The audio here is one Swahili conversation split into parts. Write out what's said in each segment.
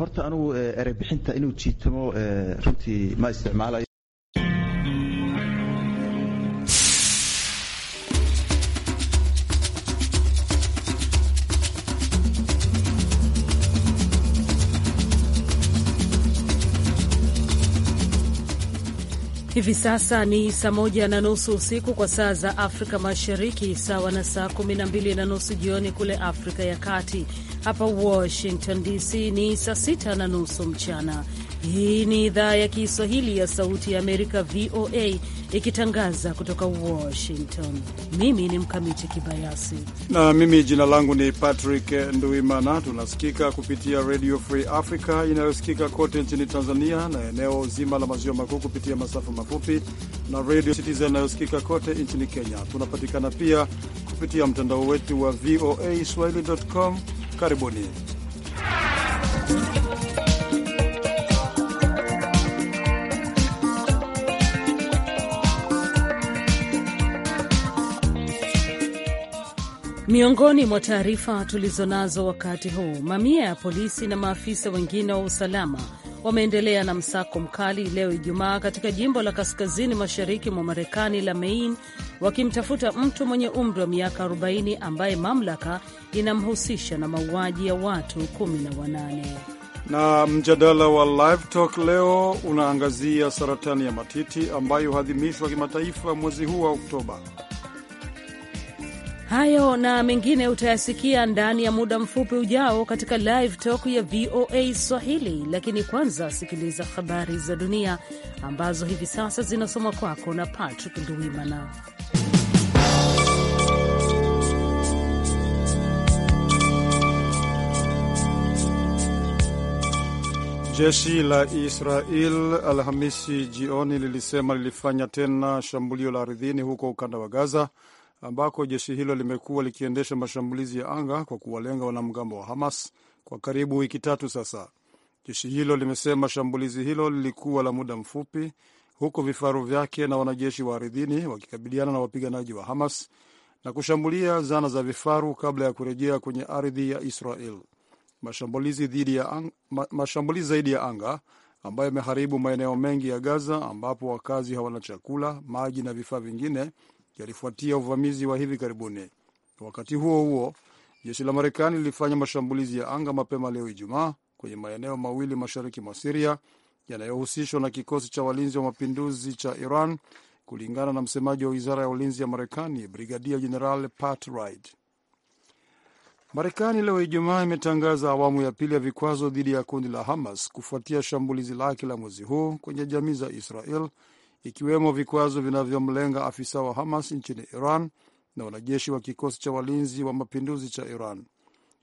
horta anugu eh, erebixinta inuu jiitamo eh, runtii ma isticmaalayo Hivi sasa ni saa moja na nusu usiku kwa saa za Afrika Mashariki, sawa na saa kumi na mbili na nusu jioni kule Afrika ya Kati. Hapa Washington DC ni saa sita na nusu mchana. Hii ni idhaa ya Kiswahili ya Sauti ya Amerika, VOA, ikitangaza kutoka Washington. Mimi ni Mkamiti Kibayasi na mimi jina langu ni Patrick Nduimana. Tunasikika kupitia Radio Free Africa inayosikika kote nchini Tanzania na eneo zima la maziwa makuu kupitia masafa mafupi na Radio Citizen inayosikika kote nchini Kenya. Tunapatikana pia kupitia mtandao wetu wa VOA swahili.com. Karibuni. Miongoni mwa taarifa tulizonazo wakati huu, mamia ya polisi na maafisa wengine wa usalama wameendelea na msako mkali leo Ijumaa katika jimbo la kaskazini mashariki mwa Marekani la Maine, wakimtafuta mtu mwenye umri wa miaka 40 ambaye mamlaka inamhusisha na mauaji ya watu 18. Na mjadala wa Live Talk leo unaangazia saratani ya matiti ambayo huadhimishwa kimataifa mwezi huu wa Oktoba. Hayo na mengine utayasikia ndani ya muda mfupi ujao katika live talk ya VOA Swahili, lakini kwanza sikiliza habari za dunia ambazo hivi sasa zinasoma kwako na Patrick Nduwimana. Jeshi la Israel Alhamisi jioni lilisema lilifanya tena shambulio la ardhini huko ukanda wa Gaza ambako jeshi hilo limekuwa likiendesha mashambulizi ya anga kwa kuwalenga wanamgambo wa Hamas kwa karibu wiki tatu sasa. Jeshi hilo limesema shambulizi hilo lilikuwa la muda mfupi, huku vifaru vyake na wanajeshi wa ardhini wakikabiliana na wapiganaji wa Hamas na kushambulia zana za vifaru kabla ya kurejea kwenye ardhi ya Israel. Mashambulizi zaidi ya anga, mashambulizi ya anga ambayo yameharibu maeneo mengi ya Gaza ambapo wakazi hawana chakula, maji na vifaa vingine yalifuatia uvamizi wa hivi karibuni. Wakati huo huo, jeshi la Marekani lilifanya mashambulizi ya anga mapema leo Ijumaa kwenye maeneo mawili mashariki mwa Siria yanayohusishwa na kikosi cha walinzi wa mapinduzi cha Iran, kulingana na msemaji wa wizara ya ulinzi ya Marekani, Brigadia Jeneral Pat Reid. Marekani leo Ijumaa imetangaza awamu ya pili ya vikwazo dhidi ya kundi la Hamas kufuatia shambulizi lake la mwezi huu kwenye jamii za Israel ikiwemo vikwazo vinavyomlenga afisa wa Hamas nchini Iran na wanajeshi wa kikosi cha walinzi wa mapinduzi cha Iran.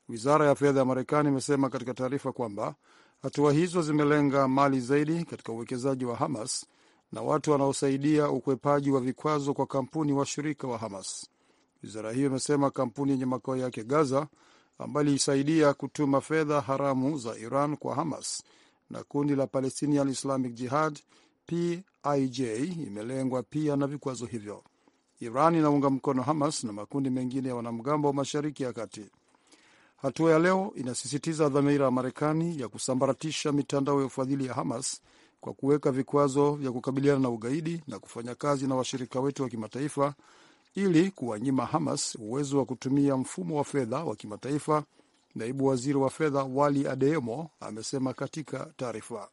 Wizara ya fedha ya Marekani imesema katika taarifa kwamba hatua hizo zimelenga mali zaidi katika uwekezaji wa Hamas na watu wanaosaidia ukwepaji wa vikwazo kwa kampuni washirika wa Hamas. Wizara hiyo imesema kampuni yenye makao yake Gaza, ambayo ilisaidia kutuma fedha haramu za Iran kwa Hamas na kundi la Palestinian Islamic Jihad PIJ imelengwa pia na vikwazo hivyo. Iran inaunga mkono Hamas na makundi mengine ya wanamgambo wa Mashariki ya Kati. Hatua ya leo inasisitiza dhamira ya Marekani ya kusambaratisha mitandao ya ufadhili ya Hamas kwa kuweka vikwazo vya kukabiliana na ugaidi na kufanya kazi na washirika wetu wa kimataifa ili kuwanyima Hamas uwezo wa kutumia mfumo wa fedha wa kimataifa, naibu waziri wa fedha Wali Adeyemo amesema katika taarifa.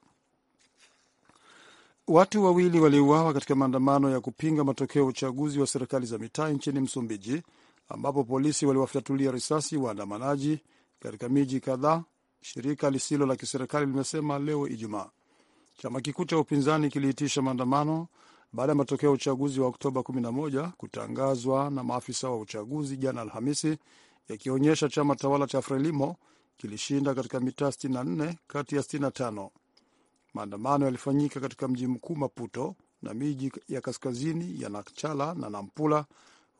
Watu wawili waliuawa katika maandamano ya kupinga matokeo ya uchaguzi wa serikali za mitaa nchini Msumbiji, ambapo polisi waliwafyatulia risasi waandamanaji katika miji kadhaa, shirika lisilo la kiserikali limesema leo Ijumaa. Chama kikuu cha upinzani kiliitisha maandamano baada ya matokeo ya uchaguzi wa Oktoba 11 kutangazwa na maafisa wa uchaguzi jana Alhamisi, yakionyesha chama tawala cha Frelimo kilishinda katika mitaa 64 kati ya 65. Maandamano yalifanyika katika mji mkuu Maputo na miji ya kaskazini ya nachala na Nampula,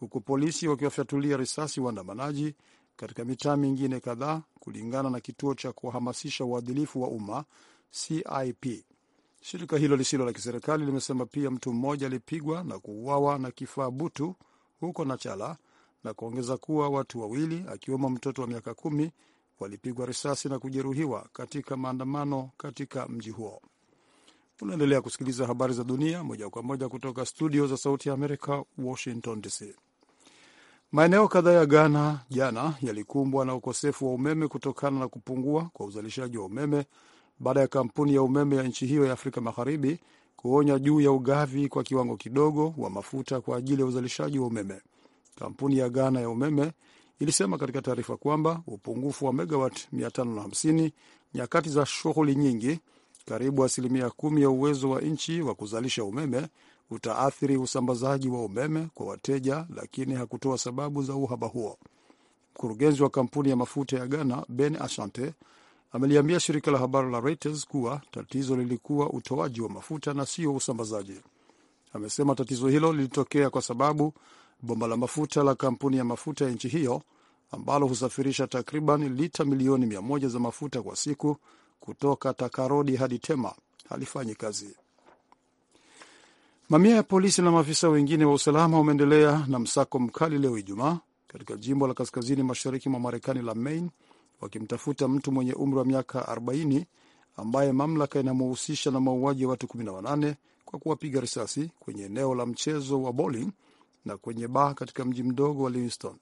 huku polisi wakiwafyatulia risasi waandamanaji katika mitaa mingine kadhaa, kulingana na kituo cha kuhamasisha uadilifu wa umma CIP. Shirika hilo lisilo la kiserikali limesema pia mtu mmoja alipigwa na kuuawa na kifaa butu huko Nachala na kuongeza kuwa watu wawili akiwemo mtoto wa miaka kumi walipigwa risasi na kujeruhiwa katika maandamano katika mji huo. Unaendelea kusikiliza habari za dunia moja kwa moja kutoka studio za Sauti ya Amerika, Washington DC. Maeneo kadhaa ya Ghana jana yalikumbwa na ukosefu wa umeme kutokana na kupungua kwa uzalishaji wa umeme baada ya kampuni ya umeme ya nchi hiyo ya Afrika Magharibi kuonya juu ya ugavi kwa kiwango kidogo wa mafuta kwa ajili ya uzalishaji wa umeme. Kampuni ya Ghana ya umeme ilisema katika taarifa kwamba upungufu wa megawat 550 nyakati za shughuli nyingi, karibu asilimia kumi ya uwezo wa nchi wa kuzalisha umeme utaathiri usambazaji wa umeme kwa wateja, lakini hakutoa sababu za uhaba huo. Mkurugenzi wa kampuni ya mafuta ya Ghana Ben Ashante ameliambia shirika la habari la Reuters kuwa tatizo lilikuwa utoaji wa mafuta na sio usambazaji. Amesema tatizo hilo lilitokea kwa sababu bomba la mafuta la kampuni ya mafuta ya nchi hiyo ambalo husafirisha takriban lita milioni mia moja za mafuta kwa siku kutoka Takarodi hadi Tema halifanyi kazi. Mamia ya polisi na maafisa wengine wa usalama wameendelea na msako mkali leo Ijumaa katika jimbo la kaskazini mashariki mwa Marekani la Maine wakimtafuta mtu mwenye umri wa miaka 40 ambaye mamlaka inamhusisha na mauaji ya watu 18 kwa kuwapiga risasi kwenye eneo la mchezo wa bowling na kwenye baa katika mji mdogo wa Livingston.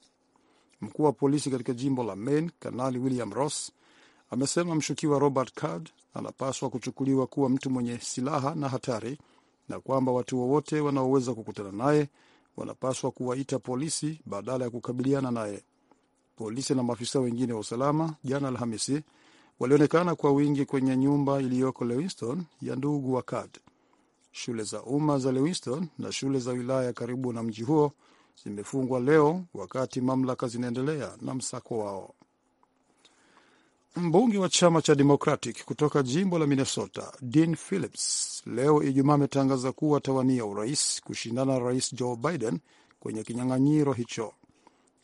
Mkuu wa polisi katika jimbo la Maine, Kanali William Ross, amesema mshukiwa Robert Card anapaswa kuchukuliwa kuwa mtu mwenye silaha na hatari na kwamba watu wowote wanaoweza kukutana naye wanapaswa kuwaita polisi badala ya kukabiliana naye. Polisi na maafisa wengine wa usalama jana Alhamisi walionekana kwa wingi kwenye nyumba iliyoko Lewiston ya ndugu wa Card. Shule za umma za Lewiston na shule za wilaya karibu na mji huo zimefungwa leo wakati mamlaka zinaendelea na msako wao. Mbunge wa chama cha Democratic kutoka jimbo la Minnesota, Dean Phillips, leo Ijumaa ametangaza kuwa atawania urais kushindana na Rais Joe Biden kwenye kinyang'anyiro hicho.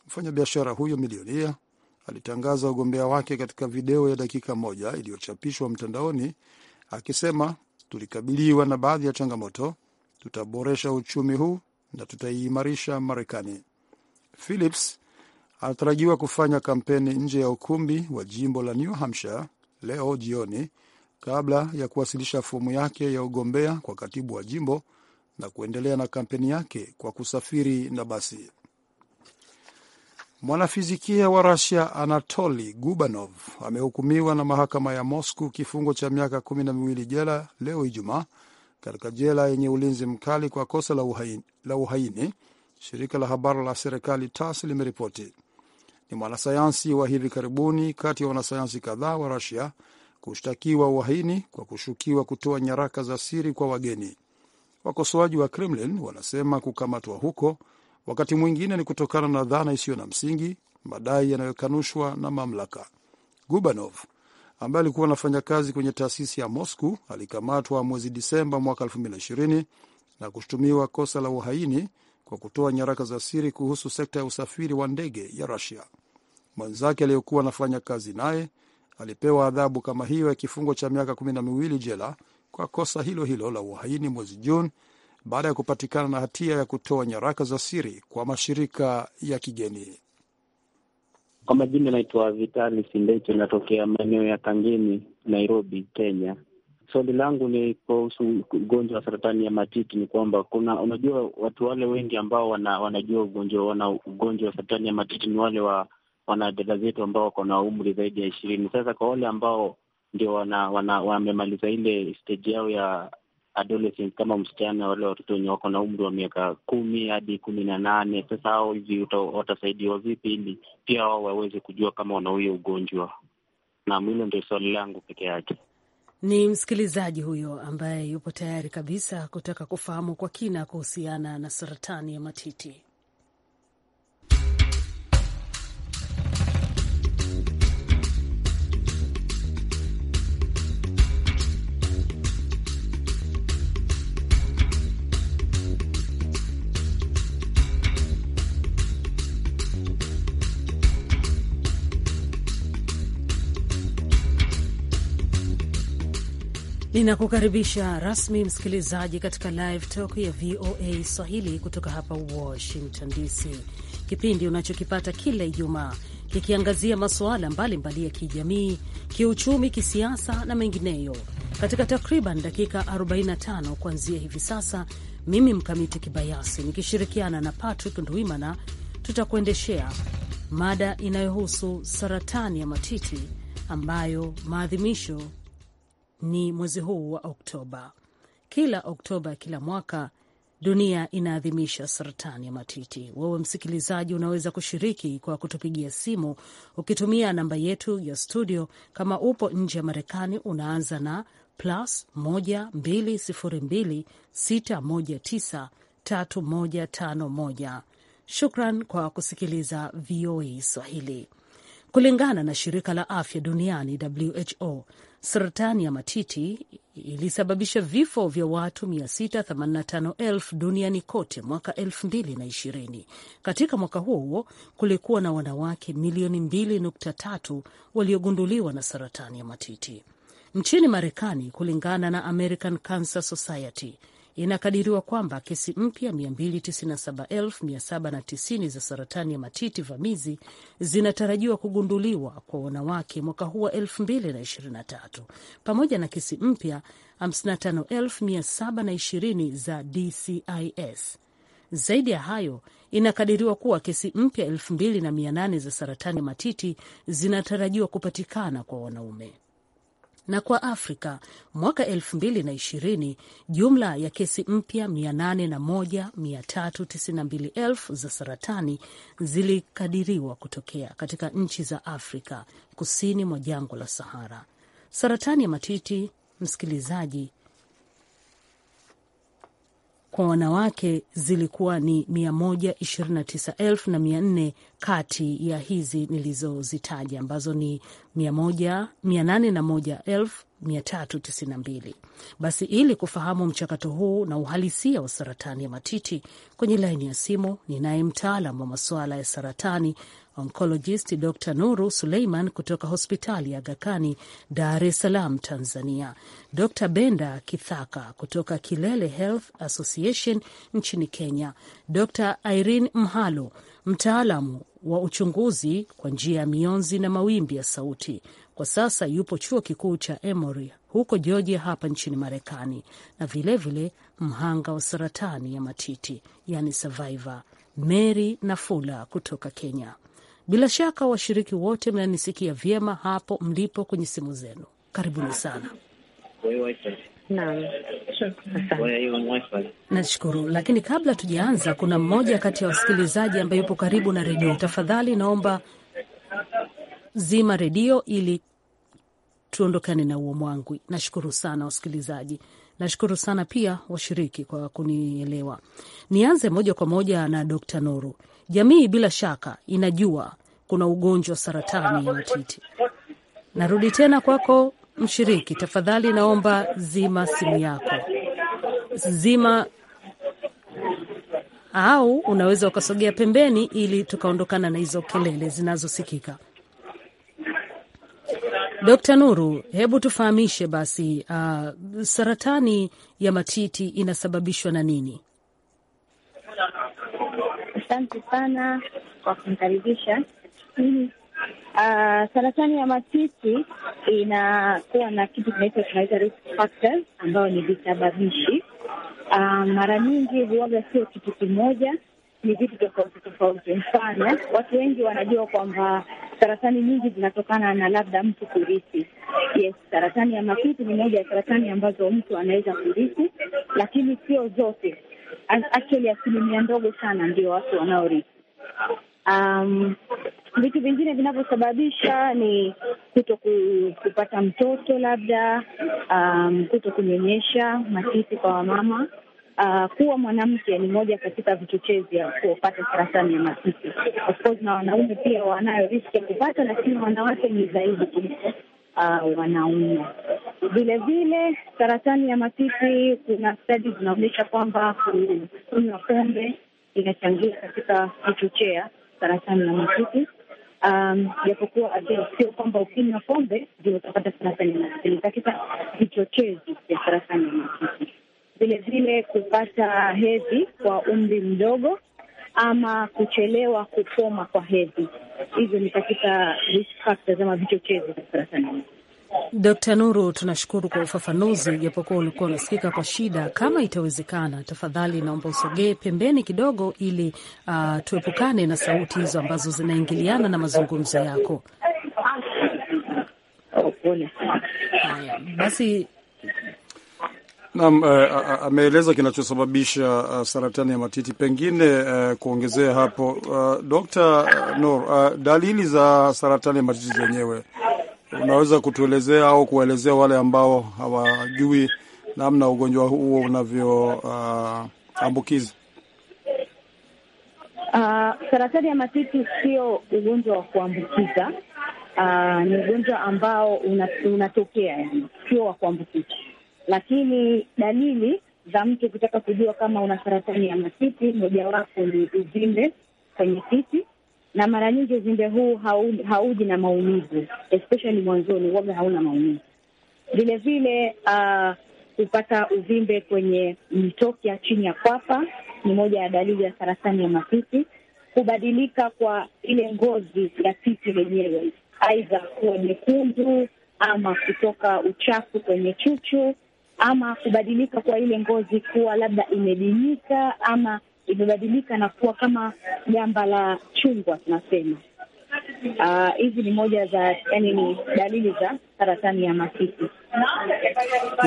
Mfanyabiashara huyo milionia alitangaza ugombea wake katika video ya dakika moja iliyochapishwa mtandaoni akisema tulikabiliwa na baadhi ya changamoto. Tutaboresha uchumi huu na tutaiimarisha Marekani. Phillips anatarajiwa kufanya kampeni nje ya ukumbi wa jimbo la New Hampshire leo jioni kabla ya kuwasilisha fomu yake ya ugombea kwa katibu wa jimbo na kuendelea na kampeni yake kwa kusafiri na basi. Mwanafizikia wa Rusia Anatoli Gubanov amehukumiwa na mahakama ya Moscow kifungo cha miaka kumi na miwili jela leo Ijumaa katika jela yenye ulinzi mkali kwa kosa la uhaini, la uhaini, shirika la habari la serikali TASS limeripoti. Ni mwanasayansi wa hivi karibuni kati ya wanasayansi kadhaa wa Rusia kushtakiwa uhaini kwa kushukiwa kutoa nyaraka za siri kwa wageni. Wakosoaji wa Kremlin wanasema kukamatwa huko wakati mwingine ni kutokana na dhana isiyo na msingi, madai yanayokanushwa na mamlaka. Gubanov ambaye alikuwa anafanya kazi kwenye taasisi ya Moscow alikamatwa mwezi Disemba mwaka 2020 na kushutumiwa kosa la uhaini kwa kutoa nyaraka za siri kuhusu sekta ya usafiri wa ndege ya rasia Mwenzake aliyekuwa anafanya kazi naye alipewa adhabu kama hiyo ya kifungo cha miaka kumi na miwili jela kwa kosa hilo hilo la uhaini mwezi Juni baada ya kupatikana na hatia ya kutoa nyaraka za siri kwa mashirika ya kigeni. Kwa majina anaitwa Vitali sindeche inatokea maeneo ya kangeni Nairobi, Kenya. Swali langu ni kuhusu ugonjwa wa saratani ya matiti. Ni kwamba kuna, unajua watu wale wengi ambao wana, wanajua ugonjwa wana ugonjwa wa saratani ya matiti ni wale wa wanadada zetu ambao wako na umri zaidi ya ishirini. Sasa kwa wale ambao ndio wana, wana, wamemaliza ile stage yao ya adolescent kama msichana, wale watoto wenye wako na umri wa miaka kumi hadi kumi na nane. Sasa hao hivi watasaidiwa vipi ili pia wao waweze kujua kama wana huyo ugonjwa? Naam, hilo ndio swali langu peke yake. Ni msikilizaji huyo ambaye yupo tayari kabisa kutaka kufahamu kwa kina kuhusiana na saratani ya matiti. Ninakukaribisha rasmi msikilizaji katika live talk ya VOA Swahili kutoka hapa Washington DC, kipindi unachokipata kila Ijumaa kikiangazia masuala mbalimbali ya kijamii, kiuchumi, kisiasa na mengineyo katika takriban dakika 45 kuanzia hivi sasa. Mimi Mkamiti Kibayasi nikishirikiana na Patrick Ndwimana tutakuendeshea mada inayohusu saratani ya matiti ambayo maadhimisho ni mwezi huu wa Oktoba. Kila Oktoba kila mwaka dunia inaadhimisha saratani ya matiti. Wewe msikilizaji, unaweza kushiriki kwa kutupigia simu ukitumia namba yetu ya studio. Kama upo nje ya Marekani, unaanza na plus 12026193151. Shukran kwa kusikiliza VOA e Swahili. Kulingana na shirika la afya duniani WHO, Saratani ya matiti ilisababisha vifo vya watu 685,000 duniani kote mwaka 2020. Katika mwaka huo huo kulikuwa na wanawake milioni 2.3 waliogunduliwa na saratani ya matiti nchini Marekani, kulingana na American Cancer Society. Inakadiriwa kwamba kesi mpya 297,790 za saratani ya matiti vamizi zinatarajiwa kugunduliwa kwa wanawake mwaka huu wa 2023 pamoja na kesi mpya 55,720 za DCIS. Zaidi ya hayo inakadiriwa kuwa kesi mpya 2800 za saratani ya matiti zinatarajiwa kupatikana kwa wanaume na kwa Afrika mwaka 2020 jumla ya kesi mpya 801,392 za saratani zilikadiriwa kutokea katika nchi za Afrika kusini mwa jangwa la Sahara. Saratani ya matiti, msikilizaji, kwa wanawake zilikuwa ni 129,400 kati ya hizi nilizozitaja ambazo ni 801,392. Basi ili kufahamu mchakato huu na uhalisia wa saratani ya matiti, kwenye laini ya simu ninaye mtaalam wa masuala ya saratani oncologist Dr Nuru Suleiman kutoka hospitali ya Gakani, Dar es Salaam, Tanzania, Dr Benda Kithaka kutoka Kilele Health Association nchini Kenya, Dr Irene Mhalo, mtaalamu wa uchunguzi kwa njia ya mionzi na mawimbi ya sauti. Kwa sasa yupo chuo kikuu cha Emory huko Georgia hapa nchini Marekani, na vilevile vile mhanga wa saratani ya matiti, yani survivor Mary Nafula kutoka Kenya. Bila shaka washiriki wote mnanisikia vyema hapo mlipo kwenye simu zenu. Karibuni sana. nashukuru. Lakini kabla tujaanza, kuna mmoja kati ya wasikilizaji ambaye yupo karibu na redio. Tafadhali naomba zima redio ili tuondokane na uo mwangwi. Nashukuru sana wasikilizaji, nashukuru sana pia washiriki kwa kunielewa. Nianze moja kwa moja na Dkt Nuru. Jamii bila shaka inajua kuna ugonjwa saratani ya matiti. Narudi tena kwako mshiriki, tafadhali naomba zima simu yako, zima au unaweza ukasogea pembeni ili tukaondokana na hizo kelele zinazosikika. Dr. Nuru, hebu tufahamishe basi, uh, saratani ya matiti inasababishwa na nini? Asante sana kwa kunikaribisha. Uh, ah, saratani ya matiti inakuwa na kitu kinaitwa tunaita risk factors ambayo ni visababishi. Uh, mara nyingi huaga sio kitu kimoja, ni vitu tofauti tofauti. Mfano, watu wengi wanajua kwamba saratani nyingi zinatokana na labda mtu kurithi. Yes, saratani ya matiti ni moja ya saratani ambazo mtu anaweza kurithi, lakini sio zote. Actually, asilimia ndogo sana ndio watu wanaorithi. Um, vitu vingine vinavyosababisha ni kuto kupata mtoto labda, um, kuto kunyonyesha, matiti kwa wamama. Uh, kuwa mwanamke ni moja katika vichochezi ya kupata saratani ya matiti. Of course na wanaume pia wanayo riski ya kupata, lakini wanawake ni zaidi kuliko uh, wanaume. Vile vile saratani ya matiti, kuna stadi zinaonyesha kwamba kunywa pombe inachangia katika kuchochea sana sana na matiti. Um, japokuwa sio kwamba ukinywa pombe ndio utapata saratani ya matiti, katika vichochezi vya saratani ya matiti. Vile vile kupata hedhi kwa umri mdogo ama kuchelewa kupoma kwa hedhi, hivyo ni katika risk factors ama vichochezi vya saratani ya matiti. Dr. Nuru, tunashukuru kwa ufafanuzi, japokuwa ulikuwa unasikika kwa shida. Kama itawezekana, tafadhali naomba usogee pembeni kidogo, ili uh, tuepukane na sauti hizo ambazo zinaingiliana na mazungumzo yako. Haya basi. Naam, uh, ameeleza kinachosababisha uh, saratani ya matiti. Pengine uh, kuongezea hapo, uh, Dr. Nur, uh, dalili za saratani ya matiti zenyewe unaweza kutuelezea au kuwaelezea wale ambao hawajui namna ugonjwa huo unavyoambukiza? Uh, uh, saratani ya matiti sio ugonjwa wa kuambukiza. Uh, ni ugonjwa ambao unatokea una yani, sio wa kuambukiza, lakini dalili za mtu kutaka kujua kama una saratani ya matiti, mojawapo ni uvimbe kwenye titi na mara nyingi uvimbe huu hauji na maumivu, especially mwanzoni uoga hauna maumivu. Vile vile hupata ah, uh, uvimbe kwenye mitoki ya chini ya kwapa, ni moja ya dalili ya saratani ya matiti. Kubadilika kwa ile ngozi ya titi lenyewe, aidha kuwa nyekundu ama kutoka uchafu kwenye chuchu ama kubadilika kwa ile ngozi kuwa labda imedinyika ama imebadilika na kuwa kama gamba la chungwa tunasema. Ah, hizi uh, ni moja za yani, ni dalili za saratani ya matiti.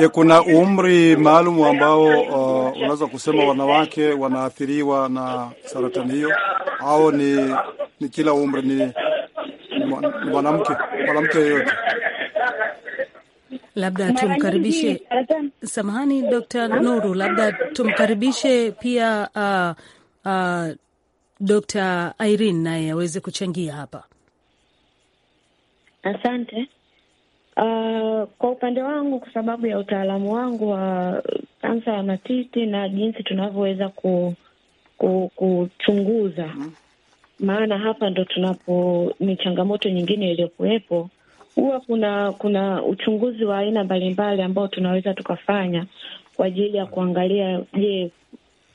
Ya kuna umri maalum ambao uh, unaweza kusema wanawake wanaathiriwa na saratani hiyo au ni, ni kila umri, ni mwanamke mwanamke yeyote? labda tumkaribishe, samahani Dr. Nuru, labda tumkaribishe pia uh, uh, Dr. Irene naye aweze kuchangia hapa. Asante. Uh, kwa upande wangu, kwa sababu ya utaalamu wangu wa kansa ya matiti na jinsi tunavyoweza ku, ku, kuchunguza, mm-hmm. maana hapa ndo tunapo, ni changamoto nyingine iliyokuwepo huwa kuna kuna uchunguzi wa aina mbalimbali ambao tunaweza tukafanya kwa ajili ya kuangalia, je,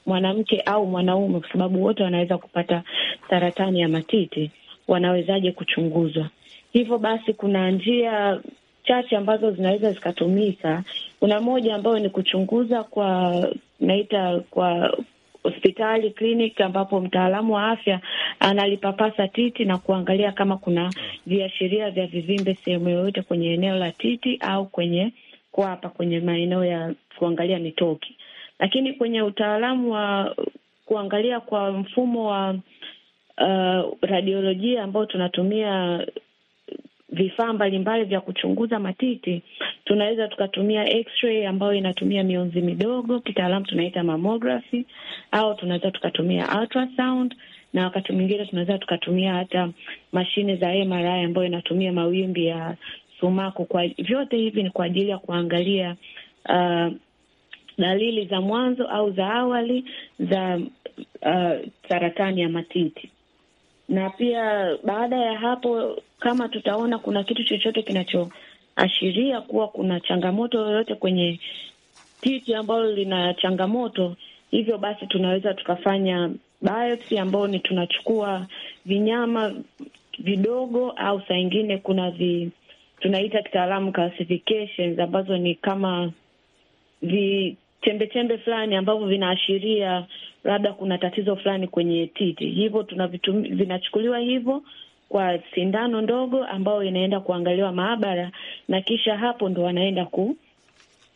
mwanamke au mwanaume, kwa sababu wote wanaweza kupata saratani ya matiti, wanawezaje kuchunguzwa? Hivyo basi kuna njia chache ambazo zinaweza zikatumika. Kuna moja ambayo ni kuchunguza kwa naita kwa hospitali, kliniki, ambapo mtaalamu wa afya analipapasa titi na kuangalia kama kuna viashiria vya vivimbe sehemu yoyote kwenye eneo la titi au kwenye kwapa, kwenye maeneo ya kuangalia mitoki. Lakini kwenye utaalamu wa kuangalia kwa mfumo wa uh, radiolojia ambao tunatumia vifaa mbalimbali vya kuchunguza matiti. Tunaweza tukatumia x-ray ambayo inatumia mionzi midogo, kitaalamu tunaita mammography, au tunaweza tukatumia ultrasound, na wakati mwingine tunaweza tukatumia hata mashine za MRI ambayo inatumia mawimbi ya sumaku. Kwa vyote hivi ni kwa ajili ya kuangalia uh, dalili za mwanzo au za awali za uh, saratani ya matiti na pia baada ya hapo, kama tutaona kuna kitu chochote kinachoashiria kuwa kuna changamoto yoyote kwenye titi ambalo lina changamoto, hivyo basi tunaweza tukafanya biopsy, ambayo ni tunachukua vinyama vidogo au saa ingine kuna vi, tunaita kitaalamu ambazo ni kama vichembechembe fulani ambavyo vinaashiria labda kuna tatizo fulani kwenye titi, hivyo tunavitumia, vinachukuliwa hivyo kwa sindano ndogo ambayo inaenda kuangaliwa maabara, na kisha hapo ndo wanaenda ku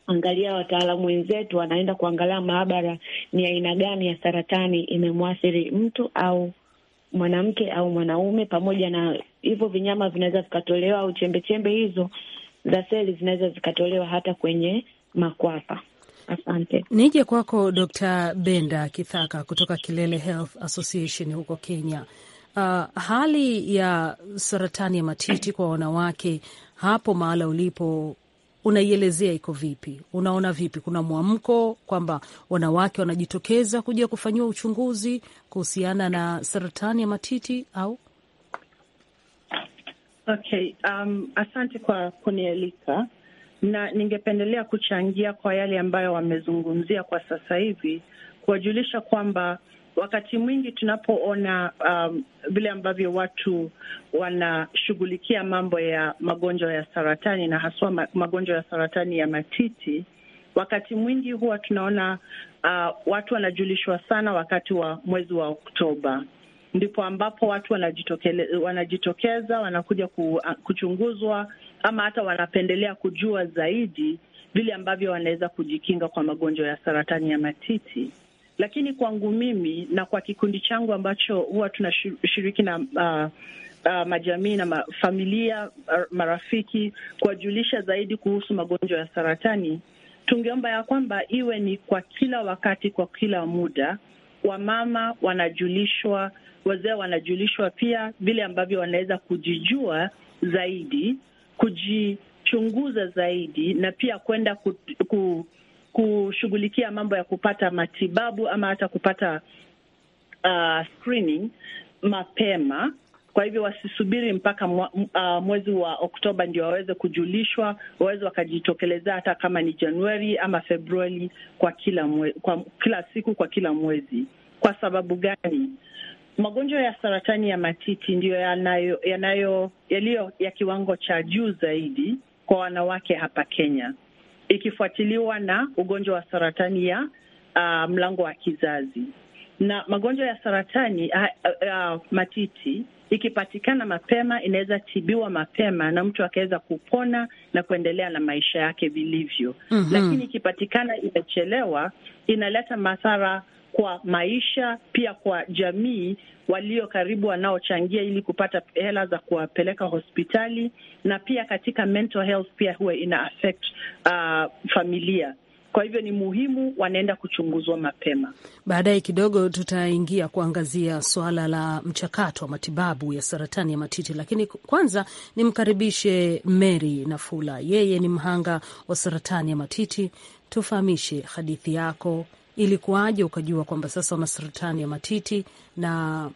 angalia wataalamu wenzetu wanaenda kuangalia maabara ni aina gani ya saratani imemwathiri mtu au mwanamke au mwanaume. Pamoja na hivyo, vinyama vinaweza vikatolewa au chembechembe hizo za seli zinaweza zikatolewa hata kwenye makwapa. Asante. Nije kwako Dr. Benda Kithaka kutoka Kilele Health Association huko Kenya. Uh, hali ya saratani ya matiti kwa wanawake hapo mahala ulipo unaielezea iko vipi? Unaona vipi, kuna mwamko kwamba wanawake wanajitokeza kuja kufanyiwa uchunguzi kuhusiana na saratani ya matiti au? Okay, um, asante kwa kunialika na ningependelea kuchangia kwa yale ambayo wamezungumzia kwa sasa hivi, kuwajulisha kwamba wakati mwingi tunapoona um, vile ambavyo watu wanashughulikia mambo ya magonjwa ya saratani na haswa magonjwa ya saratani ya matiti, wakati mwingi huwa tunaona uh, watu wanajulishwa sana wakati wa mwezi wa Oktoba ndipo ambapo watu wanajitokeza, wanakuja kuchunguzwa ama hata wanapendelea kujua zaidi vile ambavyo wanaweza kujikinga kwa magonjwa ya saratani ya matiti. Lakini kwangu mimi na kwa kikundi changu ambacho huwa tunashiriki na uh, uh, majamii na ma, familia ah, marafiki, kuwajulisha zaidi kuhusu magonjwa ya saratani, tungeomba ya kwamba iwe ni kwa kila wakati, kwa kila muda. Wamama wanajulishwa, wazee wanajulishwa pia vile ambavyo wanaweza kujijua zaidi kujichunguza zaidi na pia kwenda ku, ku, kushughulikia mambo ya kupata matibabu ama hata kupata uh, screening mapema. Kwa hivyo wasisubiri mpaka mwa, uh, mwezi wa Oktoba ndio waweze kujulishwa, waweze wakajitokeleza hata kama ni Januari ama Februari, kwa kila mwe, kwa kila siku, kwa kila mwezi. Kwa sababu gani? Magonjwa ya saratani ya matiti ndiyo yanayo yanayo yaliyo ya kiwango cha juu zaidi kwa wanawake hapa Kenya, ikifuatiliwa na ugonjwa wa saratani ya uh, mlango wa kizazi. Na magonjwa ya saratani uh, uh, uh, matiti ikipatikana mapema inaweza tibiwa mapema na mtu akaweza kupona na kuendelea na maisha yake vilivyo. mm -hmm. Lakini ikipatikana imechelewa inaleta madhara kwa maisha, pia kwa jamii walio karibu wanaochangia ili kupata hela za kuwapeleka hospitali, na pia katika mental health pia huwa ina affect uh, familia kwa hivyo ni muhimu wanaenda kuchunguzwa mapema. Baadaye kidogo tutaingia kuangazia suala la mchakato wa matibabu ya saratani ya matiti, lakini kwanza nimkaribishe Mary Nafula, yeye ni mhanga wa saratani ya matiti. Tufahamishe hadithi yako ilikuwaje ukajua kwamba sasa una saratani ya matiti na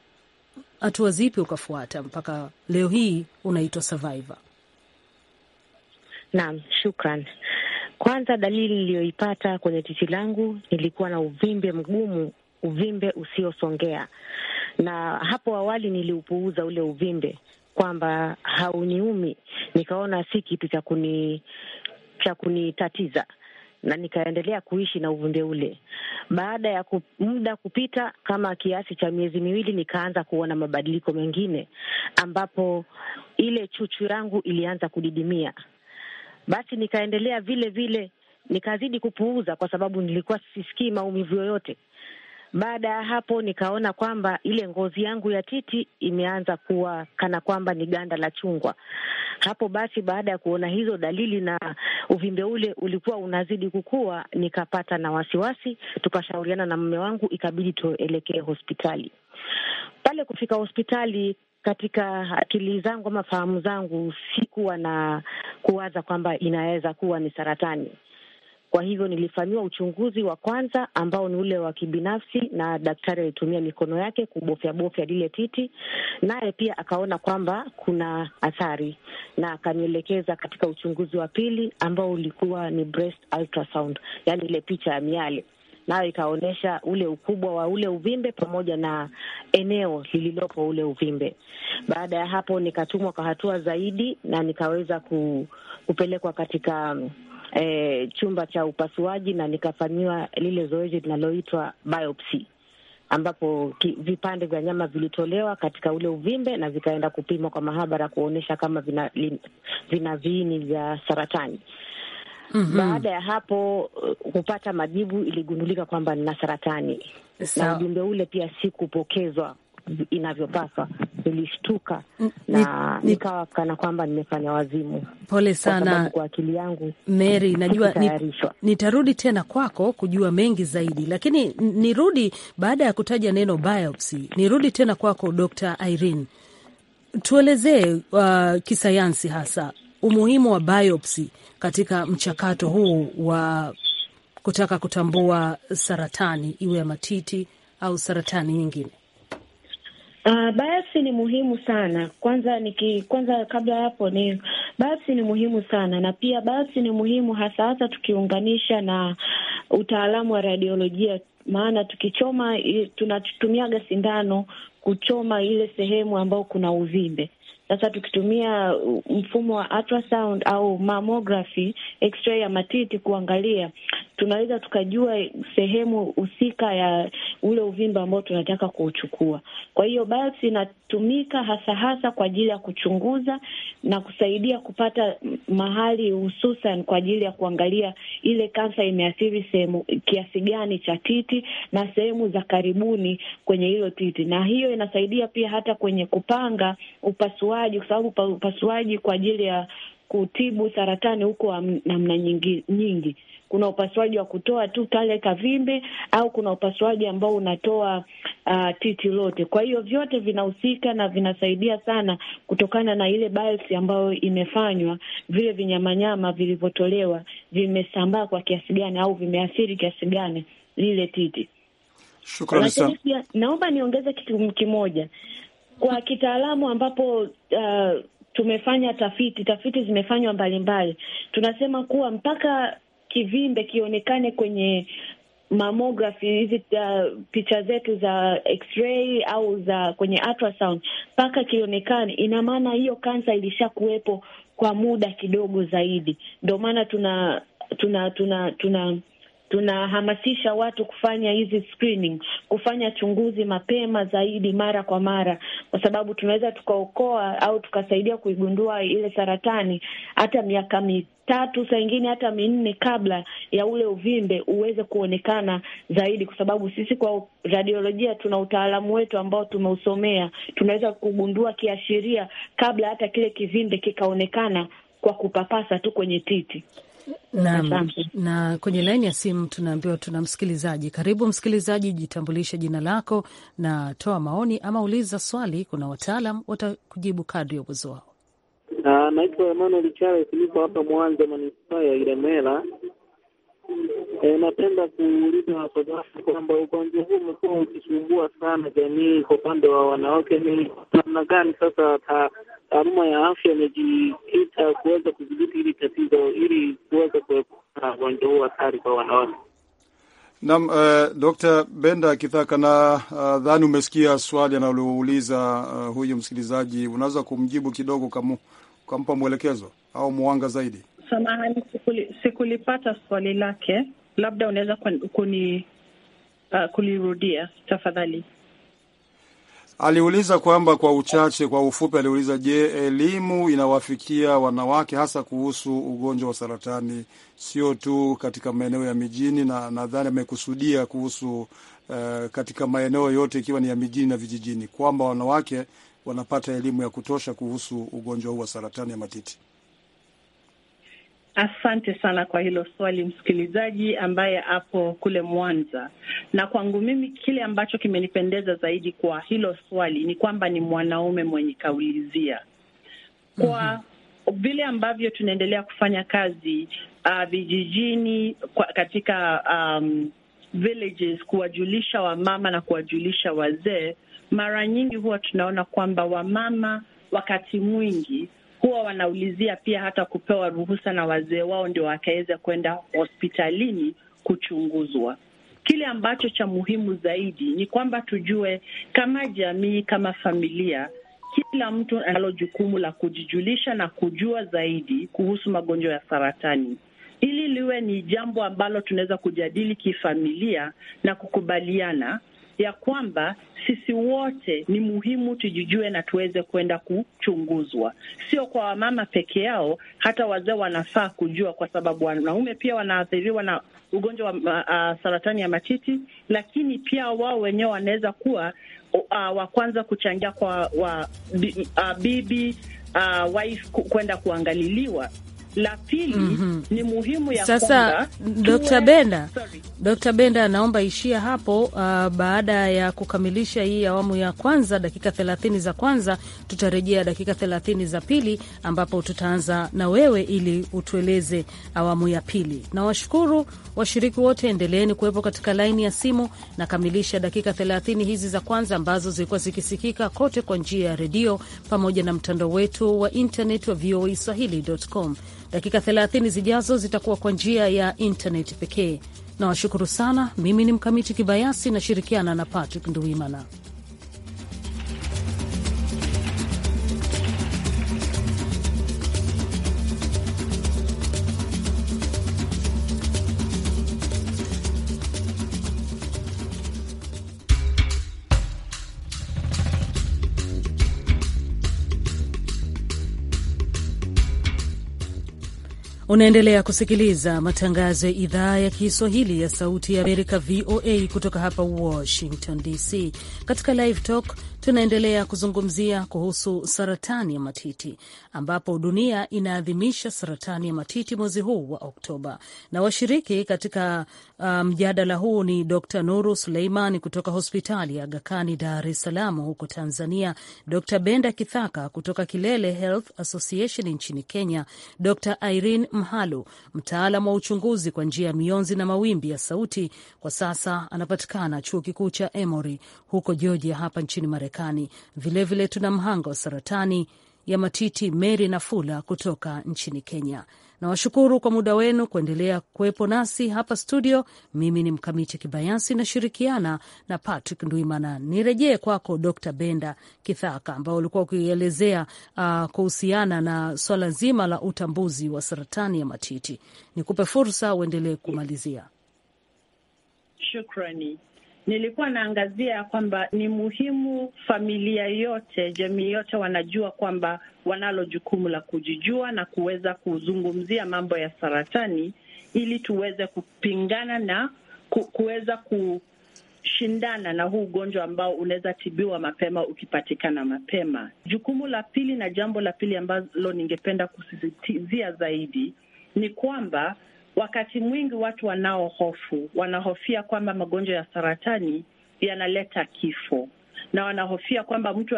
hatua zipi ukafuata mpaka leo hii unaitwa survivor? Naam, shukran. Kwanza, dalili niliyoipata kwenye titi langu, nilikuwa na uvimbe mgumu, uvimbe usiosongea, na hapo awali niliupuuza ule uvimbe kwamba hauniumi, nikaona si kitu cha kuni cha kunitatiza na nikaendelea kuishi na uvimbe ule. Baada ya ku, muda kupita kama kiasi cha miezi miwili, nikaanza kuona mabadiliko mengine, ambapo ile chuchu yangu ilianza kudidimia. Basi nikaendelea vile vile, nikazidi kupuuza kwa sababu nilikuwa sisikii maumivu yoyote. Baada ya hapo, nikaona kwamba ile ngozi yangu ya titi imeanza kuwa kana kwamba ni ganda la chungwa. Hapo basi, baada ya kuona hizo dalili na uvimbe ule ulikuwa unazidi kukua, nikapata na wasiwasi. Tukashauriana na mume wangu, ikabidi tuelekee hospitali. Pale kufika hospitali katika akili zangu ama fahamu zangu sikuwa na kuwaza kwamba inaweza kuwa ni saratani. Kwa hivyo nilifanyiwa uchunguzi wa kwanza ambao ni ule wa kibinafsi, na daktari alitumia mikono yake kubofyabofya lile titi, naye pia akaona kwamba kuna athari, na akanielekeza katika uchunguzi wa pili ambao ulikuwa ni breast ultrasound, yaani ile picha ya miale nayo ikaonyesha ule ukubwa wa ule uvimbe pamoja na eneo lililopo ule uvimbe. Baada ya hapo, nikatumwa kwa hatua zaidi na nikaweza kupelekwa katika eh, chumba cha upasuaji na nikafanyiwa lile zoezi linaloitwa biopsy ambapo ki, vipande vya nyama vilitolewa katika ule uvimbe na vikaenda kupimwa kwa mahabara kuonyesha kama vina, vina viini vya saratani. Mm -hmm. Baada ya hapo uh, kupata majibu, iligundulika kwamba nina saratani so, na ujumbe ule pia sikupokezwa inavyopaswa. Nilishtuka na ni, nikawa kana kwamba nimefanya wazimu. Pole sana kwa akili yangu Mary, najua nitarudi tena kwako kujua mengi zaidi, lakini nirudi baada ya kutaja neno biopsy, nirudi tena kwako Dr. Irene, tuelezee uh, kisayansi hasa umuhimu wa biopsy katika mchakato huu wa kutaka kutambua saratani iwe ya matiti au saratani nyingine. Uh, basi ni muhimu sana kwanza, niki kwanza kabla hapo ni basi ni muhimu sana na pia basi ni muhimu hasa hasa tukiunganisha na utaalamu wa radiolojia, maana tukichoma tunatumiaga sindano kuchoma ile sehemu ambayo kuna uvimbe sasa tukitumia uh, mfumo wa ultrasound au mammography, x-ray ya matiti kuangalia, tunaweza tukajua sehemu husika ya ule uvimbe ambao tunataka kuuchukua. Kwa hiyo biopsy inatumika hasa hasa kwa ajili ya kuchunguza na kusaidia kupata mahali hususan kwa ajili ya kuangalia ile kansa imeathiri sehemu kiasi gani cha titi na sehemu za karibuni kwenye hilo titi, na hiyo inasaidia pia hata kwenye kupanga upasuaji upasuaji, kwa sababu upasuaji kwa ajili ya kutibu saratani huko namna nyingi nyingi. Kuna upasuaji wa kutoa tu kale kavimbe au kuna upasuaji ambao unatoa uh, titi lote. Kwa hiyo vyote vinahusika na vinasaidia sana, kutokana na ile biopsy ambayo imefanywa, vile vinyamanyama vilivyotolewa vimesambaa kwa kiasi gani au vimeathiri kiasi gani lile titi. Shukrani sana. Naomba niongeze kitu kimoja kwa kitaalamu ambapo uh, tumefanya tafiti, tafiti zimefanywa mbalimbali, tunasema kuwa mpaka kivimbe kionekane kwenye mamografi hizi uh, picha zetu za x-ray au za kwenye ultrasound mpaka kionekane, ina maana hiyo kansa ilisha kuwepo kwa muda kidogo zaidi. Ndio maana tuna tuna tuna tuna tunahamasisha watu kufanya hizi screening, kufanya chunguzi mapema zaidi, mara kwa mara, kwa sababu tunaweza tukaokoa au tukasaidia kuigundua ile saratani hata miaka mitatu, saa ingine hata minne, kabla ya ule uvimbe uweze kuonekana zaidi, kwa sababu sisi kwa radiolojia tuna utaalamu wetu ambao tumeusomea, tunaweza kugundua kiashiria kabla hata kile kivimbe kikaonekana kwa kupapasa tu kwenye titi nam na kwenye laini ya simu tunaambiwa tuna msikilizaji. Karibu msikilizaji, jitambulishe jina lako na toa maoni ama uliza swali, kuna wataalam watakujibu kadri ya uwezo wao. Naitwa Emanuel Charles, niko hapa Mwanza, manispaa ya Ilemela. E, napenda kuuliza wafadhali kwamba ugonjwa huu umekuwa ukisumbua sana jamii kwa upande wa wanawake, ni namna gani sasa ta taaluma ya afya imejikita kuweza kudhibiti hili tatizo ili kuweza kuepuka ugonjwa huu hatari kwa wanawake. Naam, uh, eh, Dr. Benda Kithaka, na uh, dhani umesikia swali analouliza uh, huyu msikilizaji. Unaweza kumjibu kidogo, kamu, kampa mwelekezo au mwanga zaidi? Samahani, sikulipata swali lake, labda unaweza kuni, uh, kulirudia tafadhali aliuliza kwamba kwa uchache, kwa ufupi, aliuliza je, elimu inawafikia wanawake hasa kuhusu ugonjwa wa saratani, sio tu katika maeneo ya mijini, na nadhani amekusudia kuhusu uh, katika maeneo yote ikiwa ni ya mijini na vijijini, kwamba wanawake wanapata elimu ya kutosha kuhusu ugonjwa huu wa saratani ya matiti. Asante sana kwa hilo swali, msikilizaji ambaye apo kule Mwanza. Na kwangu mimi kile ambacho kimenipendeza zaidi kwa hilo swali ni kwamba ni mwanaume mwenye kaulizia kwa mm -hmm vile ambavyo tunaendelea kufanya kazi uh, vijijini kwa, katika um, villages kuwajulisha wamama na kuwajulisha wazee, mara nyingi huwa tunaona kwamba wamama wakati mwingi huwa wanaulizia pia hata kupewa ruhusa na wazee wao ndio wakaweza kwenda hospitalini kuchunguzwa. Kile ambacho cha muhimu zaidi ni kwamba tujue kama jamii, kama familia, kila mtu analo jukumu la kujijulisha na kujua zaidi kuhusu magonjwa ya saratani ili liwe ni jambo ambalo tunaweza kujadili kifamilia na kukubaliana ya kwamba sisi wote ni muhimu tujijue na tuweze kwenda kuchunguzwa, sio kwa wamama peke yao, hata wazee wanafaa kujua, kwa sababu wanaume pia wanaathiriwa na ugonjwa wa uh, uh, saratani ya matiti, lakini pia wao wenyewe wanaweza kuwa uh, wa kwanza kuchangia kwa wa, uh, bibi uh, wife kwenda kuangaliliwa la pili mm -hmm. ni muhimu ya sasa Dr. Benda, Dr. Benda naomba ishia hapo. Uh, baada ya kukamilisha hii awamu ya kwanza dakika 30 za kwanza, tutarejea dakika 30 za pili ambapo tutaanza na wewe ili utueleze awamu ya pili. Na washukuru washiriki wote, endeleeni kuwepo katika laini ya simu. Nakamilisha dakika 30 hizi za kwanza ambazo zilikuwa zikisikika kote kwa njia ya redio pamoja na mtandao wetu wa internet wa voaswahili.com. Dakika 30 zijazo zitakuwa kwa njia ya intaneti pekee. Nawashukuru sana. Mimi ni Mkamiti Kibayasi, nashirikiana na Patrick Nduwimana. Unaendelea kusikiliza matangazo ya idhaa ya Kiswahili ya Sauti ya Amerika, VOA, kutoka hapa Washington DC. Katika Live Talk Tunaendelea kuzungumzia kuhusu saratani ya matiti ambapo dunia inaadhimisha saratani ya matiti mwezi huu wa Oktoba, na washiriki katika uh, mjadala um, huu ni Dr Nuru suleiman kutoka hospitali ya Gakani, Dar es Salaam huko Tanzania, Dr Benda Kithaka kutoka Kilele Health Association nchini Kenya, Dr Irene Mhalu, mtaalam wa uchunguzi kwa njia ya mionzi na mawimbi ya sauti, kwa sasa anapatikana chuo kikuu cha Emory huko Georgia hapa nchini Marekani Marekani. Vilevile tuna mhanga wa saratani ya matiti Mary Nafula kutoka nchini Kenya. Nawashukuru kwa muda wenu kuendelea kuwepo nasi hapa studio. Mimi ni Mkamiti Kibayasi, nashirikiana na Patrick Ndwimana. Nirejee kwako Dr Benda Kithaka, ambao ulikuwa ukielezea uh, kuhusiana na swala zima la utambuzi wa saratani ya matiti. Nikupe fursa uendelee kumalizia. Shukrani nilikuwa naangazia ya kwamba ni muhimu familia yote, jamii yote wanajua kwamba wanalo jukumu la kujijua na kuweza kuzungumzia mambo ya saratani ili tuweze kupingana na kuweza kushindana na huu ugonjwa ambao unaweza tibiwa mapema ukipatikana mapema. Jukumu la pili na jambo la pili ambalo ningependa kusisitizia zaidi ni kwamba Wakati mwingi watu wanao hofu, wanahofia kwamba magonjwa ya saratani yanaleta kifo, na wanahofia kwamba mtu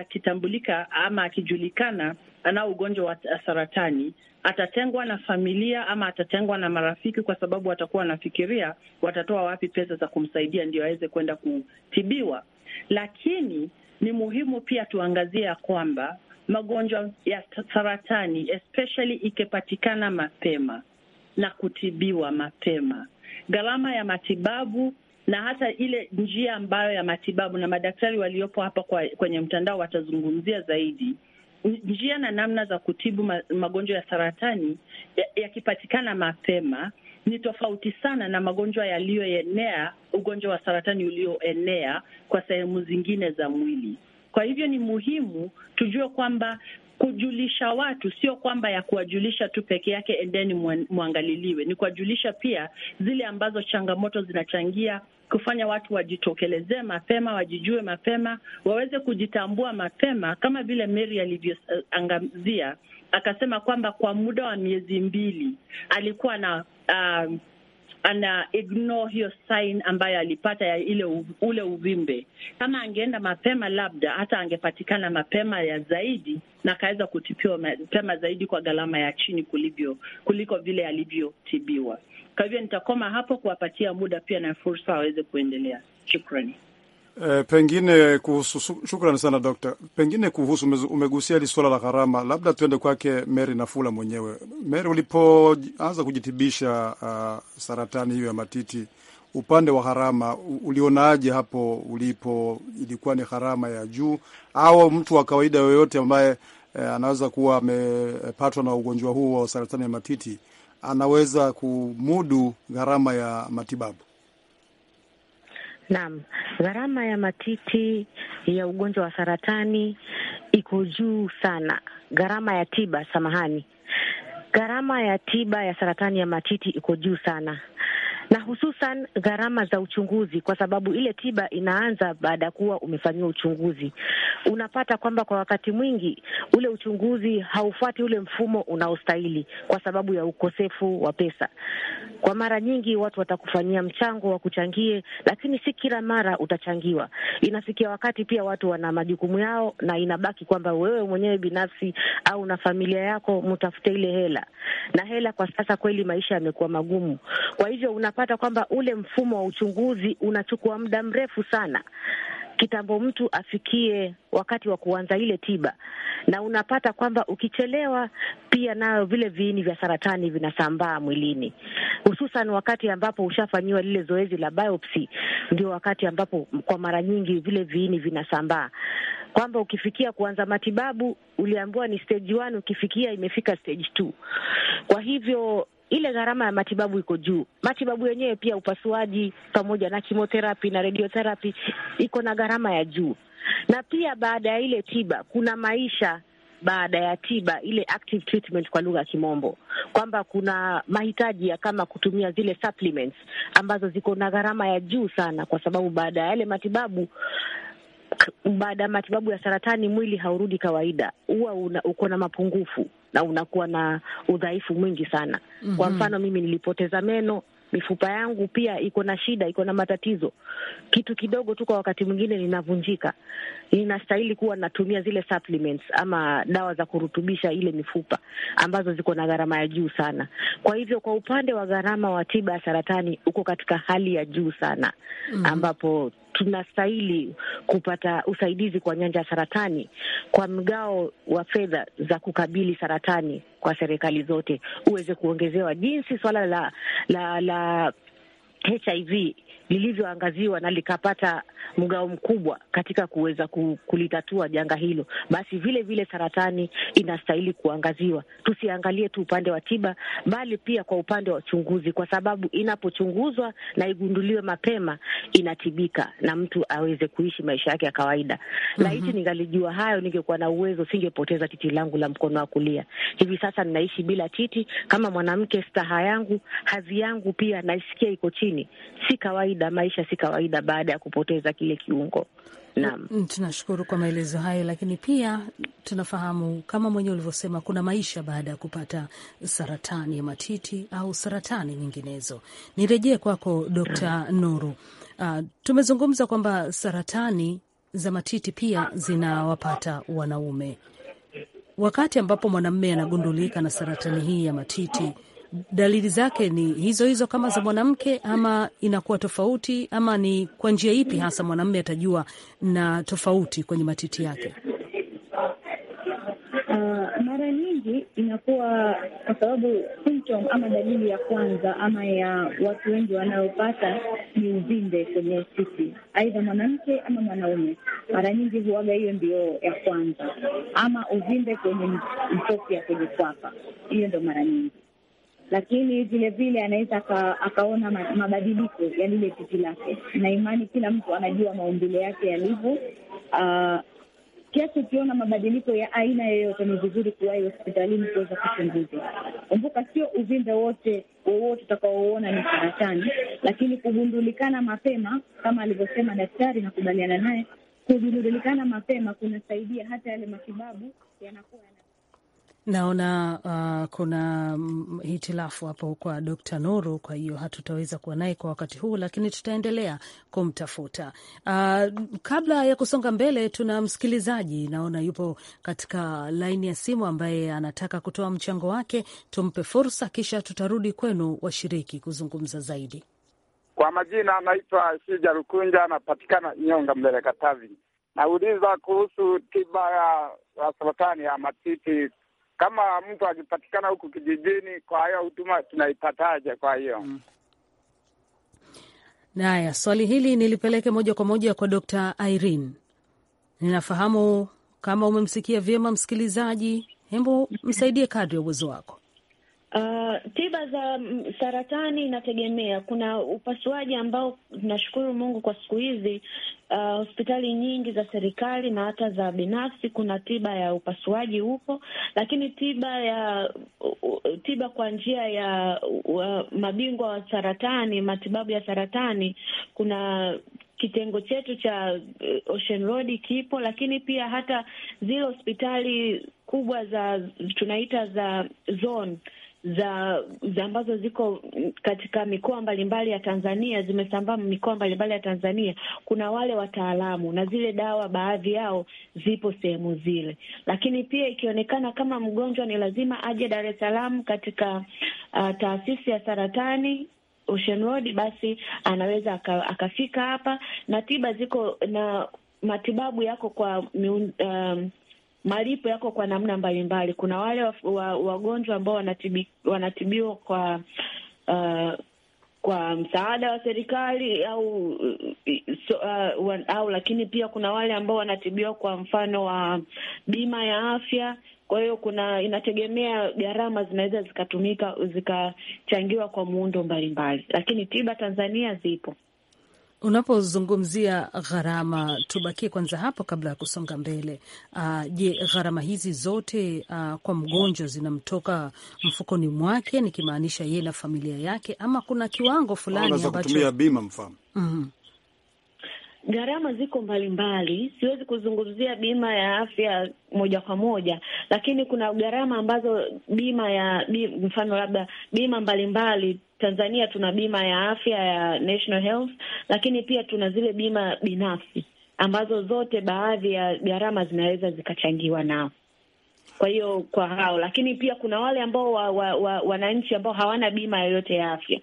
akitambulika ama akijulikana anao ugonjwa wa saratani atatengwa na familia ama atatengwa na marafiki, kwa sababu watakuwa wanafikiria watatoa wapi pesa za kumsaidia ndio aweze kwenda kutibiwa. Lakini ni muhimu pia tuangazie ya kwamba magonjwa ya saratani especially ikipatikana mapema na kutibiwa mapema, gharama ya matibabu na hata ile njia ambayo ya matibabu, na madaktari waliopo hapa kwa, kwenye mtandao watazungumzia zaidi njia na namna za kutibu magonjwa ya saratani yakipatikana ya mapema ni tofauti sana na magonjwa yaliyoenea, ugonjwa wa saratani ulioenea kwa sehemu zingine za mwili. Kwa hivyo ni muhimu tujue kwamba kujulisha watu, sio kwamba ya kuwajulisha tu peke yake endeni mwangaliliwe, ni kuwajulisha pia zile ambazo changamoto zinachangia kufanya watu wajitokelezee mapema, wajijue mapema, waweze kujitambua mapema, kama vile Mary alivyoangazia uh, akasema kwamba kwa muda wa miezi mbili alikuwa na uh, ana ignore hiyo sign ambayo alipata ya ile u, ule uvimbe. Kama angeenda mapema, labda hata angepatikana mapema ya zaidi na akaweza kutibiwa mapema zaidi kwa gharama ya chini kulivyo, kuliko vile alivyotibiwa. Kwa hivyo nitakoma hapo kuwapatia muda pia na fursa waweze kuendelea. Shukrani. E, pengine kuhusu, shukrani sana dokta. Pengine kuhusu umegusia hili swala la gharama, labda tuende kwake Mary Nafula mwenyewe. Mary, ulipoanza kujitibisha uh, saratani hiyo ya matiti, upande wa gharama ulionaje hapo ulipo? Ilikuwa ni gharama ya juu, au mtu wa kawaida yoyote ambaye eh, anaweza kuwa amepatwa na ugonjwa huu wa saratani ya matiti anaweza kumudu gharama ya matibabu? Naam gharama ya matiti ya ugonjwa wa saratani iko juu sana, gharama ya tiba, samahani, gharama ya tiba ya saratani ya matiti iko juu sana na hususan gharama za uchunguzi, kwa sababu ile tiba inaanza baada ya kuwa umefanyiwa uchunguzi. Unapata kwamba kwa wakati mwingi ule uchunguzi haufuati ule mfumo unaostahili kwa sababu ya ukosefu wa pesa. Kwa mara nyingi watu watakufanyia mchango wa kuchangie, lakini si kila mara utachangiwa. Inafikia wakati pia watu wana majukumu yao, na inabaki kwamba wewe mwenyewe binafsi au na familia yako mtafute ile hela, na hela kwa sasa kweli maisha yamekuwa magumu, kwa hivyo una utapata kwamba ule mfumo wa uchunguzi unachukua muda mrefu sana kitambo mtu afikie wakati wa kuanza ile tiba, na unapata kwamba ukichelewa pia nayo vile viini vya saratani vinasambaa mwilini, hususan wakati ambapo ushafanyiwa lile zoezi la biopsy, ndio wakati ambapo kwa mara nyingi vile viini vinasambaa, kwamba ukifikia kuanza matibabu uliambiwa ni stage ukifikia imefika stage Kwa hivyo ile gharama ya matibabu iko juu. Matibabu yenyewe pia, upasuaji pamoja na kimotherapi na radiotherapy iko na gharama ya juu, na pia baada ya ile tiba kuna maisha baada ya tiba ile active treatment kwa lugha ya Kimombo, kwamba kuna mahitaji ya kama kutumia zile supplements ambazo ziko na gharama ya juu sana, kwa sababu baada ya yale matibabu, baada ya matibabu ya saratani, mwili haurudi kawaida, huwa uko na mapungufu na unakuwa na udhaifu mwingi sana. mm -hmm. Kwa mhm. mfano mimi nilipoteza meno, mifupa yangu pia iko na shida, iko na matatizo. Kitu kidogo tu, kwa wakati mwingine ninavunjika. Ninastahili kuwa natumia zile supplements ama dawa za kurutubisha ile mifupa ambazo ziko na gharama ya juu sana. Kwa hivyo, kwa upande wa gharama wa tiba ya saratani uko katika hali ya juu sana, mhm. ambapo tunastahili kupata usaidizi kwa nyanja ya saratani kwa mgao wa fedha za kukabili saratani kwa serikali zote uweze kuongezewa, jinsi swala la la la HIV lilivyoangaziwa na likapata mgao mkubwa katika kuweza kulitatua janga hilo, basi vile vile saratani inastahili kuangaziwa. Tusiangalie tu upande wa tiba, bali pia kwa upande wa uchunguzi, kwa sababu inapochunguzwa na igunduliwe mapema inatibika na mtu aweze kuishi maisha yake ya kawaida. Mm -hmm. Laiti ningalijua hayo, ningekuwa na uwezo, singepoteza titi langu la mkono wa kulia. Hivi sasa ninaishi bila titi. Kama mwanamke, staha yangu, hadhi yangu pia naisikia iko chini, si kawaida kawaida, maisha si kawaida baada ya kupoteza kile kiungo. Naam, mm, tunashukuru kwa maelezo hayo, lakini pia tunafahamu kama mwenyewe ulivyosema, kuna maisha baada ya kupata saratani ya matiti au saratani nyinginezo. Nirejee kwako Dr. Nuru. Uh, tumezungumza kwamba saratani za matiti pia zinawapata wanaume. Wakati ambapo mwanamume anagundulika na saratani hii ya matiti dalili zake ni hizo hizo kama za mwanamke, ama inakuwa tofauti, ama ni kwa njia ipi hasa mwanamume atajua na tofauti kwenye matiti yake? Uh, mara nyingi inakuwa kwa sababu symptom ama dalili ya kwanza ama ya watu wengi wanaopata ni uvimbe kwenye titi, aidha mwanamke ama mwanaume. Mara nyingi huaga, hiyo ndio ya kwanza, ama uvimbe kwenye mtopia kwenye kwapa, hiyo ndo mara nyingi lakini vilevile anaweza akaona mabadiliko ya lile titi lake, na imani kila mtu anajua maumbile yake yalivyo. Uh, kiasi ukiona mabadiliko ya aina yoyote, ni vizuri kuwahi hospitalini kuweza kuchunguza Kumbuka, sio uvimbe wote wowote utakaouona ni saratani, lakini kugundulikana mapema kama alivyosema daktari, nakubaliana naye, kugundulikana mapema kunasaidia hata yale matibabu yanakuwa Naona uh, kuna mm, hitilafu hapo kwa Dkt. Nuru, kwa hiyo hatutaweza kuwa naye kwa wakati huu, lakini tutaendelea kumtafuta. Uh, kabla ya kusonga mbele, tuna msikilizaji naona yupo katika laini ya simu ambaye anataka kutoa mchango wake. Tumpe fursa, kisha tutarudi kwenu washiriki kuzungumza zaidi. Kwa majina anaitwa Shija Rukunja, anapatikana Nyonga Mbele, Katavi. Nauliza kuhusu tiba ya saratani ya matiti kama mtu akipatikana huku kijijini, kwa hiyo huduma tunaipataje? Kwa hiyo mm. Naya, swali hili nilipeleke moja kwa moja kwa Dr. Irene. Ninafahamu kama umemsikia vyema msikilizaji, hembo msaidie kadri ya uwezo wako. Uh, tiba za saratani inategemea. Kuna upasuaji ambao tunashukuru Mungu kwa siku hizi uh, hospitali nyingi za serikali na hata za binafsi kuna tiba ya upasuaji upo, lakini tiba ya uh, tiba kwa njia ya uh, mabingwa wa saratani, matibabu ya saratani, kuna kitengo chetu cha uh, Ocean Road kipo, lakini pia hata zile hospitali kubwa za tunaita za zone za, za ambazo ziko katika mikoa mbalimbali ya Tanzania zimesambaa mikoa mbalimbali ya Tanzania. Kuna wale wataalamu na zile dawa, baadhi yao zipo sehemu zile, lakini pia ikionekana kama mgonjwa ni lazima aje Dar es Salaam katika uh, taasisi ya saratani Ocean Road, basi anaweza akafika hapa na tiba ziko na matibabu yako kwa um, malipo yako kwa namna mbalimbali. Kuna wale wa, wa, wagonjwa ambao wanatibi, wanatibiwa kwa uh, kwa msaada wa serikali au so, uh, wa, au lakini pia kuna wale ambao wanatibiwa kwa mfano wa bima ya afya. Kwa hiyo kuna inategemea, gharama zinaweza zikatumika zikachangiwa kwa muundo mbalimbali, lakini tiba Tanzania zipo. Unapozungumzia gharama, tubakie kwanza hapo kabla ya kusonga mbele. Uh, je, gharama hizi zote uh, kwa mgonjwa zinamtoka mfukoni mwake, nikimaanisha yeye na familia yake, ama kuna kiwango fulani ambacho kutumia bima mfano? mm-hmm. Gharama ziko mbalimbali, siwezi kuzungumzia bima ya afya moja kwa moja, lakini kuna gharama ambazo bima ya mfano labda bima mbalimbali Tanzania tuna bima ya afya ya National Health, lakini pia tuna zile bima binafsi ambazo zote baadhi ya gharama zinaweza zikachangiwa nao. Kwa hiyo kwa hao, lakini pia kuna wale ambao wa, wa, wa, wananchi ambao hawana bima yoyote ya afya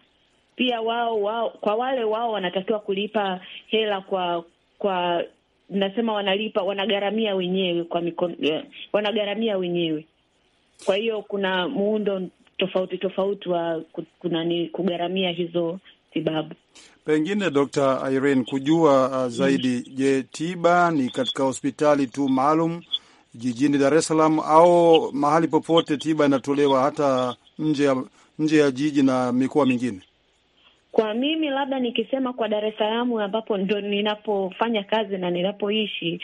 pia wao, wao kwa wale wao wanatakiwa kulipa hela kwa kwa nasema wanalipa wanagharamia wenyewe kwa mikono, eh, wanagharamia wenyewe. Kwa hiyo kuna muundo tofauti tofauti wa kunani kugharamia hizo tibabu. Pengine Dr. Irene kujua uh, zaidi mm. Je, tiba ni katika hospitali tu maalum jijini Dar es Salaam au mahali popote tiba inatolewa hata nje ya nje ya jiji na mikoa mingine? Kwa mimi labda nikisema kwa Dar es Salaam ambapo ndo ninapofanya kazi na ninapoishi,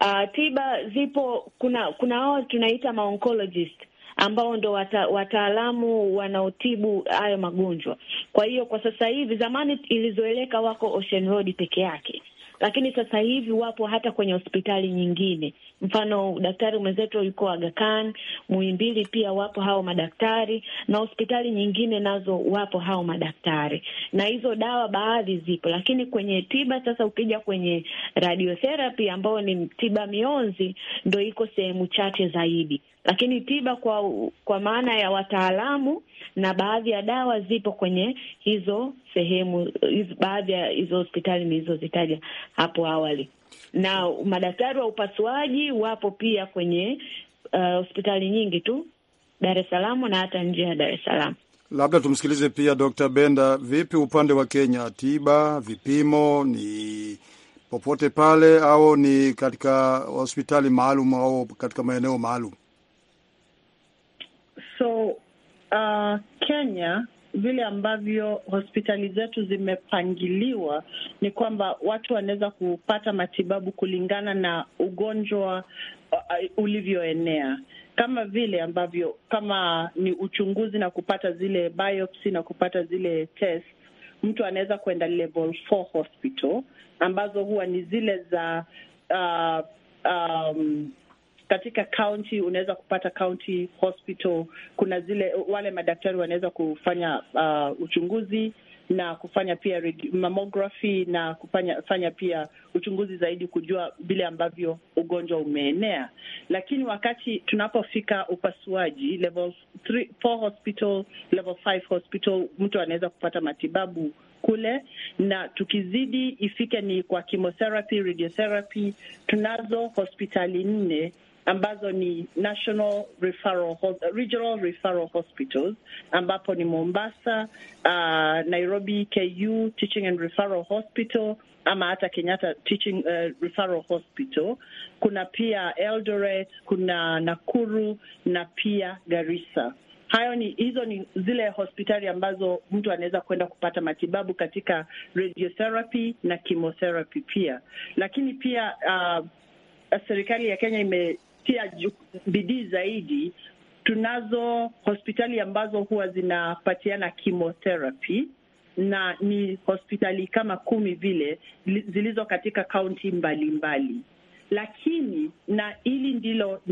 uh, tiba zipo. Kuna kuna wao tunaita maoncologist ambao ndo wata, wataalamu wanaotibu hayo magonjwa. Kwa hiyo kwa sasa hivi, zamani ilizoeleka wako Ocean Road peke yake, lakini sasa hivi wapo hata kwenye hospitali nyingine. Mfano, daktari mwenzetu yuko Aga Khan, Muhimbili pia wapo hao madaktari, na hospitali nyingine nazo wapo hao madaktari, na hizo dawa baadhi zipo. Lakini kwenye tiba sasa, ukija kwenye radiotherapy ambayo ni tiba mionzi, ndo iko sehemu chache zaidi lakini tiba kwa kwa maana ya wataalamu na baadhi ya dawa zipo kwenye hizo sehemu hizo, baadhi ya hizo hospitali nilizozitaja hapo awali, na madaktari wa upasuaji wapo pia kwenye uh, hospitali nyingi tu Dar es Salaam na hata nje ya Dar es Salaam. Labda tumsikilize pia Dr. Benda. Vipi upande wa Kenya, tiba vipimo ni popote pale au ni katika hospitali maalum au katika maeneo maalum? So uh, Kenya vile ambavyo hospitali zetu zimepangiliwa ni kwamba watu wanaweza kupata matibabu kulingana na ugonjwa uh, ulivyoenea, kama vile ambavyo kama ni uchunguzi na kupata zile biopsy na kupata zile test, mtu anaweza kuenda level 4 hospital ambazo huwa ni zile za uh, um, katika kaunti unaweza kupata county hospital. Kuna zile wale madaktari wanaweza kufanya uh, uchunguzi na kufanya pia mammography na kufanya fanya pia uchunguzi zaidi kujua vile ambavyo ugonjwa umeenea. Lakini wakati tunapofika upasuaji level 3, 4 hospital, level 5 hospital, mtu anaweza kupata matibabu kule na tukizidi ifike ni kwa chemotherapy, radiotherapy. Tunazo hospitali nne ambazo ni National Referral, Regional Referral Hospitals ambapo ni Mombasa, uh, Nairobi KU Teaching and Referral Hospital ama hata Kenyatta Teaching uh, Referral Hospital. Kuna pia Eldoret, kuna Nakuru na pia Garissa. Hayo ni hizo ni zile hospitali ambazo mtu anaweza kwenda kupata matibabu katika radiotherapy na chemotherapy pia, lakini pia uh, serikali ya Kenya ime tia bidii zaidi, tunazo hospitali ambazo huwa zinapatiana chemotherapy na ni hospitali kama kumi vile zilizo katika kaunti mbalimbali, lakini na hili ndilo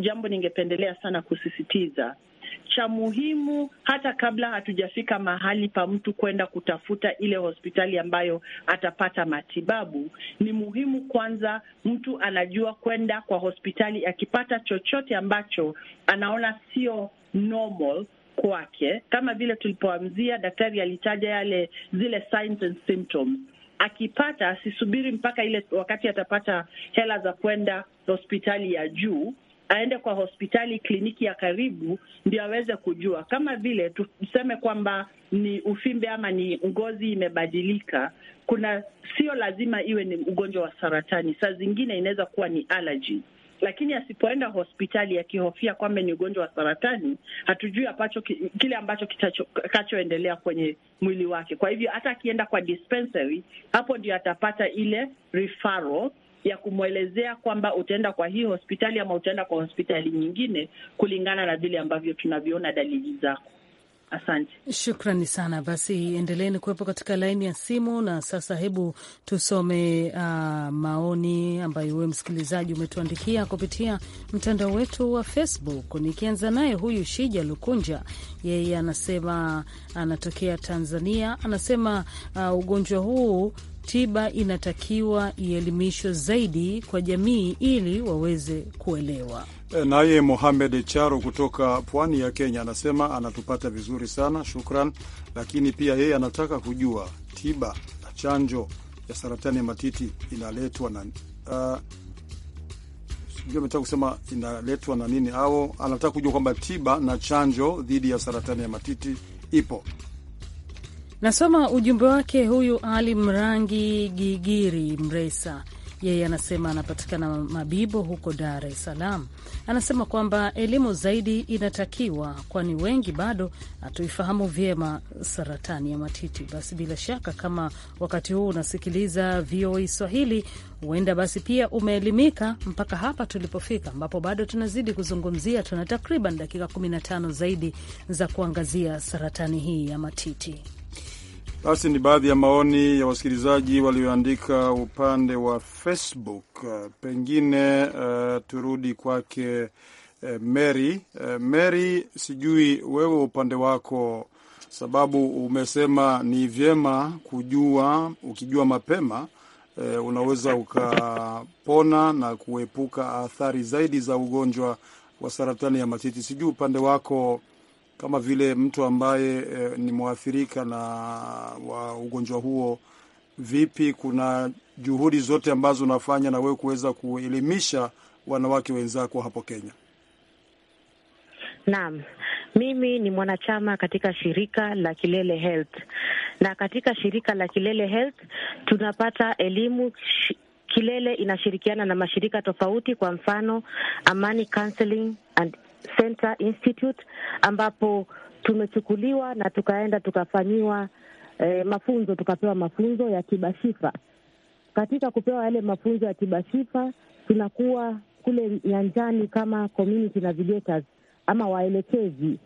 jambo ningependelea sana kusisitiza cha muhimu hata kabla hatujafika mahali pa mtu kwenda kutafuta ile hospitali ambayo atapata matibabu, ni muhimu kwanza mtu anajua kwenda kwa hospitali akipata chochote ambacho anaona sio normal kwake, kama vile tulipoanzia, daktari alitaja yale zile signs and symptoms akipata asisubiri mpaka ile wakati atapata hela za kwenda hospitali ya juu, aende kwa hospitali, kliniki ya karibu, ndio aweze kujua. Kama vile tuseme kwamba ni ufimbe ama ni ngozi imebadilika, kuna sio lazima iwe ni ugonjwa wa saratani. Saa zingine inaweza kuwa ni allergy, lakini asipoenda hospitali akihofia kwamba ni ugonjwa wa saratani, hatujui apacho kile ambacho kitakachoendelea kwenye mwili wake. Kwa hivyo hata akienda kwa dispensary, hapo ndio atapata ile referral ya kumwelezea kwamba utaenda kwa hii hospitali ama utaenda kwa hospitali nyingine kulingana na vile ambavyo tunavyoona dalili zako. Asante, shukrani sana. Basi endeleeni kuwepo katika laini ya simu, na sasa hebu tusome uh, maoni ambayo wewe msikilizaji umetuandikia kupitia mtandao wetu wa Facebook. Nikianza naye huyu Shija Lukunja, yeye anasema anatokea Tanzania, anasema uh, ugonjwa huu tiba inatakiwa ielimishwe zaidi kwa jamii ili waweze kuelewa. Naye Mohamed Charo kutoka pwani ya Kenya anasema anatupata vizuri sana, shukran. Lakini pia yeye anataka kujua tiba na chanjo ya saratani ya matiti inaletwa na uh, ametaka kusema inaletwa na nini, au anataka kujua kwamba tiba na chanjo dhidi ya saratani ya matiti ipo. Nasoma ujumbe wake huyu Ali Mrangi Gigiri Mresa yeye anasema anapatikana Mabibo huko Dar es Salaam. Anasema kwamba elimu zaidi inatakiwa, kwani wengi bado hatuifahamu vyema saratani ya matiti. Basi bila shaka, kama wakati huu unasikiliza VOA e Swahili, huenda basi pia umeelimika mpaka hapa tulipofika, ambapo bado tunazidi kuzungumzia. Tuna takriban dakika 15 zaidi za kuangazia saratani hii ya matiti. Basi ni baadhi ya maoni ya wasikilizaji walioandika upande wa Facebook. Uh, pengine uh, turudi kwake uh, Mary uh, Mary, sijui wewe upande wako, sababu umesema ni vyema kujua, ukijua mapema uh, unaweza ukapona na kuepuka athari zaidi za ugonjwa wa saratani ya matiti. Sijui upande wako kama vile mtu ambaye e, ni mwathirika na wa ugonjwa huo, vipi, kuna juhudi zote ambazo unafanya na wewe kuweza kuelimisha wanawake wenzako hapo Kenya? Naam, mimi ni mwanachama katika shirika la Kilele Health, na katika shirika la Kilele Health tunapata elimu Kilele inashirikiana na mashirika tofauti, kwa mfano Amani Counseling and Center Institute ambapo tumechukuliwa na tukaenda tukafanyiwa eh, mafunzo, tukapewa mafunzo ya kibashifa. Katika kupewa yale mafunzo ya kibashifa, tunakuwa kule nyanjani kama community navigators ama waelekezi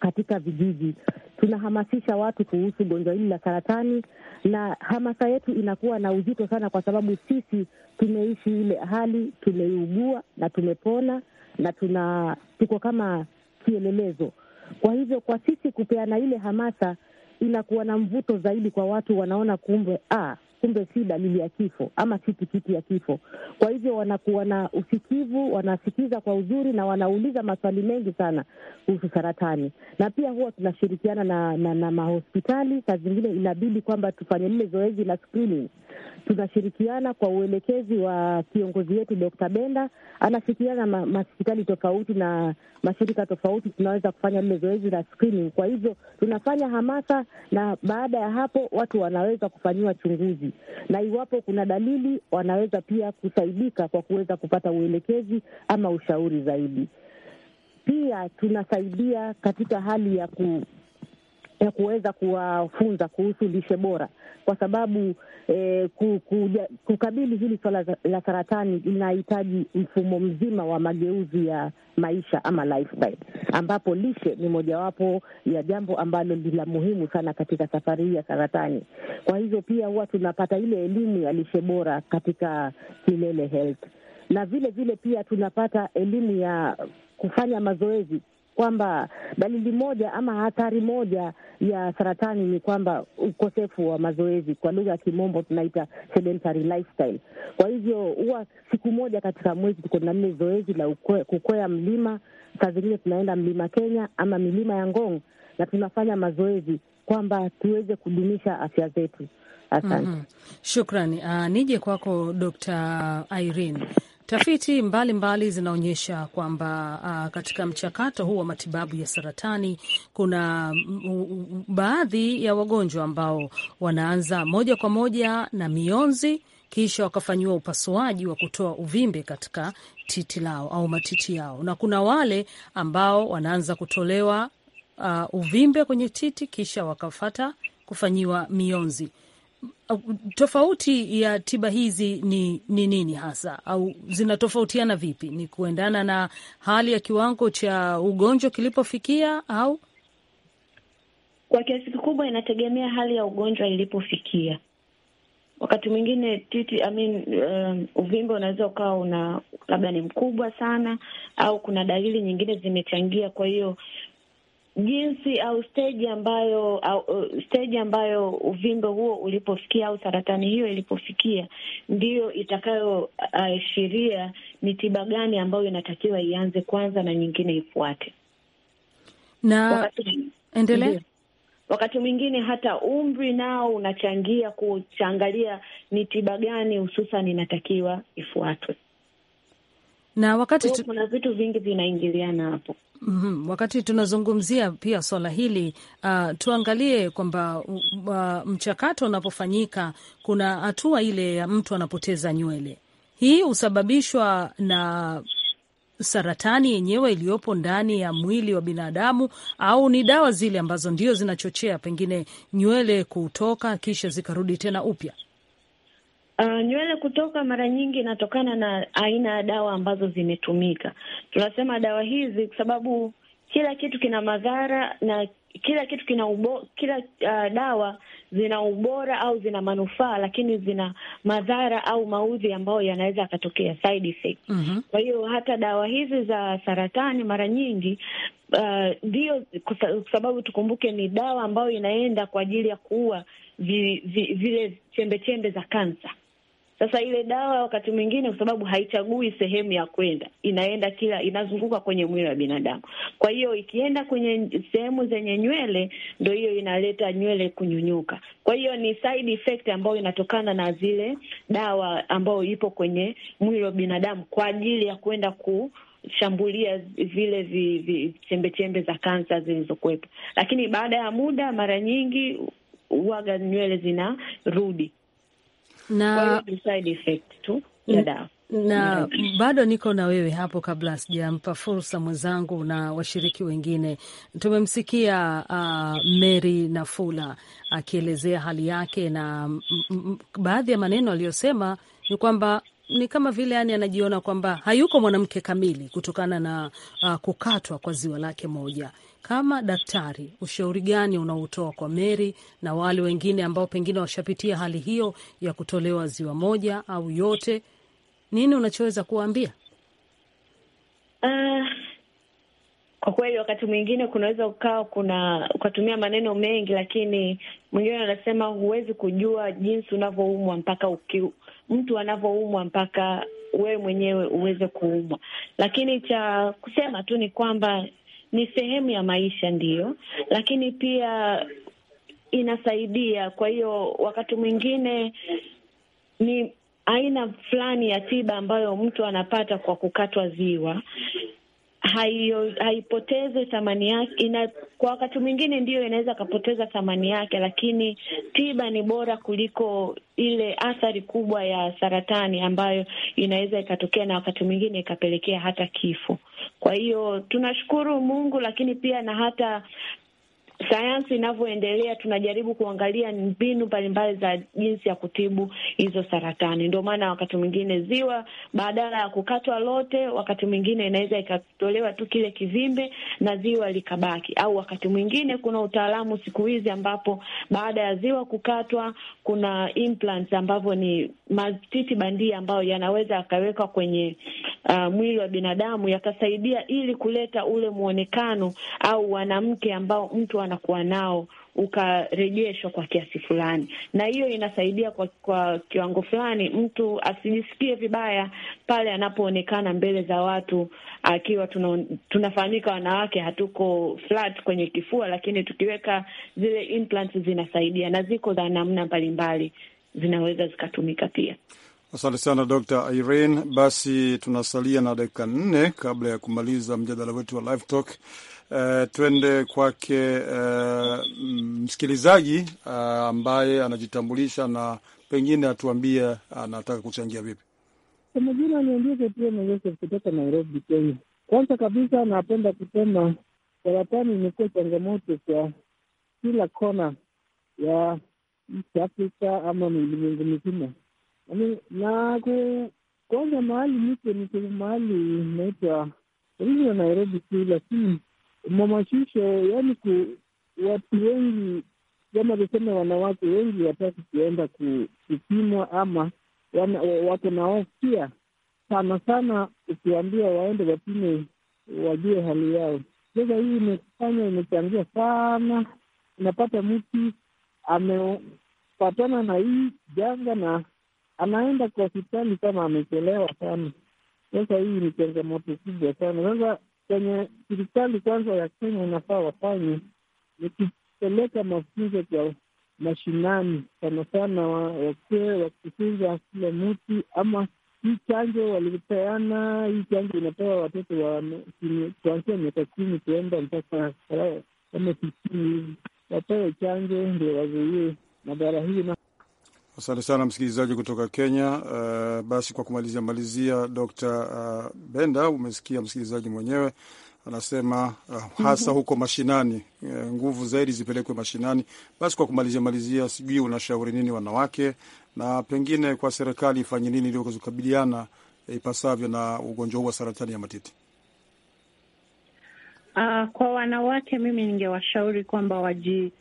katika vijiji. Tunahamasisha watu kuhusu gonjwa hili la saratani, na hamasa yetu inakuwa na uzito sana, kwa sababu sisi tumeishi ile hali, tumeugua na tumepona na tuna tuko kama kielelezo. Kwa hivyo kwa sisi kupeana ile hamasa inakuwa na mvuto zaidi kwa watu, wanaona kumbe ah, kumbe si dalili ya kifo ama si tikiti ya kifo. Kwa hivyo wanakuwa na usikivu, wanasikiza kwa uzuri na wanauliza maswali mengi sana kuhusu saratani, na pia huwa tunashirikiana na, na, na mahospitali. Saa zingine inabidi kwamba tufanye lile zoezi la screening. Tunashirikiana kwa uelekezi wa kiongozi wetu Dr. Benda, anafikiana na mahospitali tofauti na mashirika tofauti, tunaweza kufanya lile zoezi la screening. Kwa hivyo tunafanya hamasa, na baada ya hapo watu wanaweza kufanyiwa chunguzi na iwapo kuna dalili, wanaweza pia kusaidika kwa kuweza kupata uelekezi ama ushauri zaidi. Pia tunasaidia katika hali ya ku ya kuweza kuwafunza kuhusu lishe bora, kwa sababu eh, ya, kukabili hili swala la saratani linahitaji mfumo mzima wa mageuzi ya maisha ama lifestyle, ambapo lishe ni mojawapo ya jambo ambalo ni la muhimu sana katika safari hii ya saratani. Kwa hivyo pia huwa tunapata ile elimu ya lishe bora katika Kilele Health na vile vile pia tunapata elimu ya kufanya mazoezi kwamba dalili moja ama hatari moja ya saratani ni kwamba ukosefu wa mazoezi, kwa lugha ya kimombo tunaita sedentary lifestyle. Kwa hivyo huwa siku moja katika mwezi tuko na lile zoezi la kukwea mlima, saa zingine tunaenda mlima Kenya ama milima ya Ngong na tunafanya mazoezi kwamba tuweze kudumisha afya zetu. Asante. Mm -hmm. Shukrani. Uh, nije kwako Dr. Irene. Tafiti mbalimbali mbali zinaonyesha kwamba uh, katika mchakato huu wa matibabu ya saratani kuna mm, baadhi ya wagonjwa ambao wanaanza moja kwa moja na mionzi kisha wakafanyiwa upasuaji wa kutoa uvimbe katika titi lao au matiti yao, na kuna wale ambao wanaanza kutolewa uh, uvimbe kwenye titi kisha wakafata kufanyiwa mionzi tofauti ya tiba hizi ni ni nini hasa, au zinatofautiana vipi? Ni kuendana na hali ya kiwango cha ugonjwa kilipofikia au kwa kiasi kikubwa inategemea hali ya ugonjwa ilipofikia. Wakati mwingine titi I mean, uh, uvimbe unaweza ukawa una labda ni mkubwa sana, au kuna dalili nyingine zimechangia. Kwa hiyo jinsi au steji ambayo au uh, steji ambayo uvimbe huo ulipofikia au saratani hiyo ilipofikia ndiyo itakayoashiria uh, ni tiba gani ambayo inatakiwa ianze kwanza na nyingine ifuate. Na wakati, endelea. Wakati mwingine hata umri nao unachangia kuchangalia ni tiba gani hususan inatakiwa ifuatwe na wakati tu... kuna vitu vingi vinaingiliana hapo. Mm -hmm. Wakati tunazungumzia pia swala hili uh, tuangalie kwamba uh, mchakato unapofanyika kuna hatua ile ya mtu anapoteza nywele. Hii husababishwa na saratani yenyewe iliyopo ndani ya mwili wa binadamu au ni dawa zile ambazo ndio zinachochea pengine nywele kutoka kisha zikarudi tena upya? Uh, nywele kutoka mara nyingi inatokana na aina ya dawa ambazo zimetumika. Tunasema dawa hizi kwa sababu kila kitu kina madhara na kila kitu kina ubo, kila uh, dawa zina ubora au zina manufaa, lakini zina madhara au maudhi ambayo yanaweza yakatokea side effect. Mm-hmm. Kwa hiyo hata dawa hizi za saratani mara nyingi ah, ndio, uh, kwa sababu tukumbuke ni dawa ambayo inaenda kwa ajili ya kuua vi, vi, vile chembe chembe za kansa. Sasa ile dawa wakati mwingine, kwa sababu haichagui sehemu ya kwenda, inaenda kila, inazunguka kwenye mwili wa binadamu. Kwa hiyo ikienda kwenye sehemu zenye nywele, ndo hiyo inaleta nywele kunyunyuka. Kwa hiyo ni side effect ambayo inatokana na zile dawa ambayo ipo kwenye mwili wa binadamu kwa ajili ya kwenda ku shambulia vile vi, vi, chembe chembe za kansa zilizokuwepo, lakini baada ya muda, mara nyingi uwaga nywele zinarudi na side effect tu ya dawa na bado niko na wewe hapo, kabla sijampa fursa mwenzangu na washiriki wengine. Tumemsikia uh, Mary Nafula akielezea hali yake, na baadhi ya maneno aliyosema ni kwamba ni kama vile yani anajiona kwamba hayuko mwanamke kamili kutokana na uh, kukatwa kwa ziwa lake moja. Kama daktari, ushauri gani unaotoa kwa Mary na wale wengine ambao pengine washapitia hali hiyo ya kutolewa ziwa moja au yote? Nini unachoweza kuwaambia? Uh, kwa kweli wakati mwingine kunaweza ukawa kuna ukatumia maneno mengi, lakini mwingine anasema huwezi kujua jinsi unavyoumwa mpaka uki, mtu anavyoumwa mpaka wewe mwenyewe uweze kuumwa. Lakini cha kusema tu ni kwamba ni sehemu ya maisha ndiyo, lakini pia inasaidia. Kwa hiyo wakati mwingine ni aina fulani ya tiba ambayo mtu anapata kwa kukatwa ziwa haio, haipotezi thamani yake ina, kwa wakati mwingine ndiyo inaweza kapoteza thamani yake, lakini tiba ni bora kuliko ile athari kubwa ya saratani ambayo inaweza ikatokea na wakati mwingine ikapelekea hata kifo. Kwa hiyo tunashukuru Mungu, lakini pia na hata sayansi inavyoendelea tunajaribu kuangalia mbinu mbalimbali za jinsi ya kutibu hizo saratani. Ndio maana wakati mwingine ziwa badala ya kukatwa lote, wakati mwingine inaweza ikatolewa tu kile kivimbe na ziwa likabaki, au wakati mwingine kuna utaalamu siku hizi ambapo baada ya ziwa kukatwa kuna implants ambavyo ni matiti bandia ambayo yanaweza yakawekwa kwenye uh, mwili wa binadamu yakasaidia ili kuleta ule mwonekano au wanamke ambao mtu anakuwa nao ukarejeshwa kwa kiasi fulani, na hiyo inasaidia kwa, kwa kiwango fulani mtu asijisikie vibaya pale anapoonekana mbele za watu akiwa tuna, tunafahamika wanawake hatuko flat kwenye kifua, lakini tukiweka zile implants zinasaidia, na ziko za namna mbalimbali zinaweza zikatumika pia. Asante sana Dr. Irene. Basi tunasalia na dakika nne kabla ya kumaliza mjadala wetu wa live talk. Eh, twende kwake uh, msikilizaji uh, ambaye anajitambulisha na pengine atuambie anataka kuchangia vipi. Kwa majina niandike pia na Yosef kutoka Nairobi, Kenya. Kwanza kabisa napenda kusema saratani imekuwa changamoto kwa kila kona ya East Africa ama ulimwengu mzima, yaani, na kwanza mahali niko niko mahali inaitwa Nairobi tu, lakini mamashisho yaani ku, watu wengi kama tuseme, wanawake wengi wataki kuenda kupimwa ama wako na hofia sana sana. Ukiambia waende wapime, wajue hali yao. Sasa hii imefanya imechangia sana, unapata mtu amepatana na hii janga na anaenda kwa hospitali kama amechelewa sana. Sasa hii ni changamoto kubwa sana sasa kwenye serikali kwanza ya Kenya inafaa wafanye ni kupeleka mafunzo kwa mashinani, sana sana wakee wakifunza kila mtu, ama hii chanjo walipeana, hii chanjo inapewa watoto wa kuanzia miaka kumi kuenda mpaka eh, kama sitini hivi, wapewe chanjo ndio wazuie madhara hii. Asante sana msikilizaji kutoka Kenya. Uh, basi kwa kumalizia malizia, Dr uh, Benda, umesikia msikilizaji mwenyewe anasema uh, hasa mhm. huko mashinani uh, nguvu zaidi zipelekwe mashinani. Basi kwa kumalizia malizia, sijui unashauri nini wanawake na pengine kwa serikali ifanye nini ili kukabiliana uh, ipasavyo na ugonjwa huu wa saratani ya matiti? Uh, kwa wanawake mimi ningewashauri kwamba waji,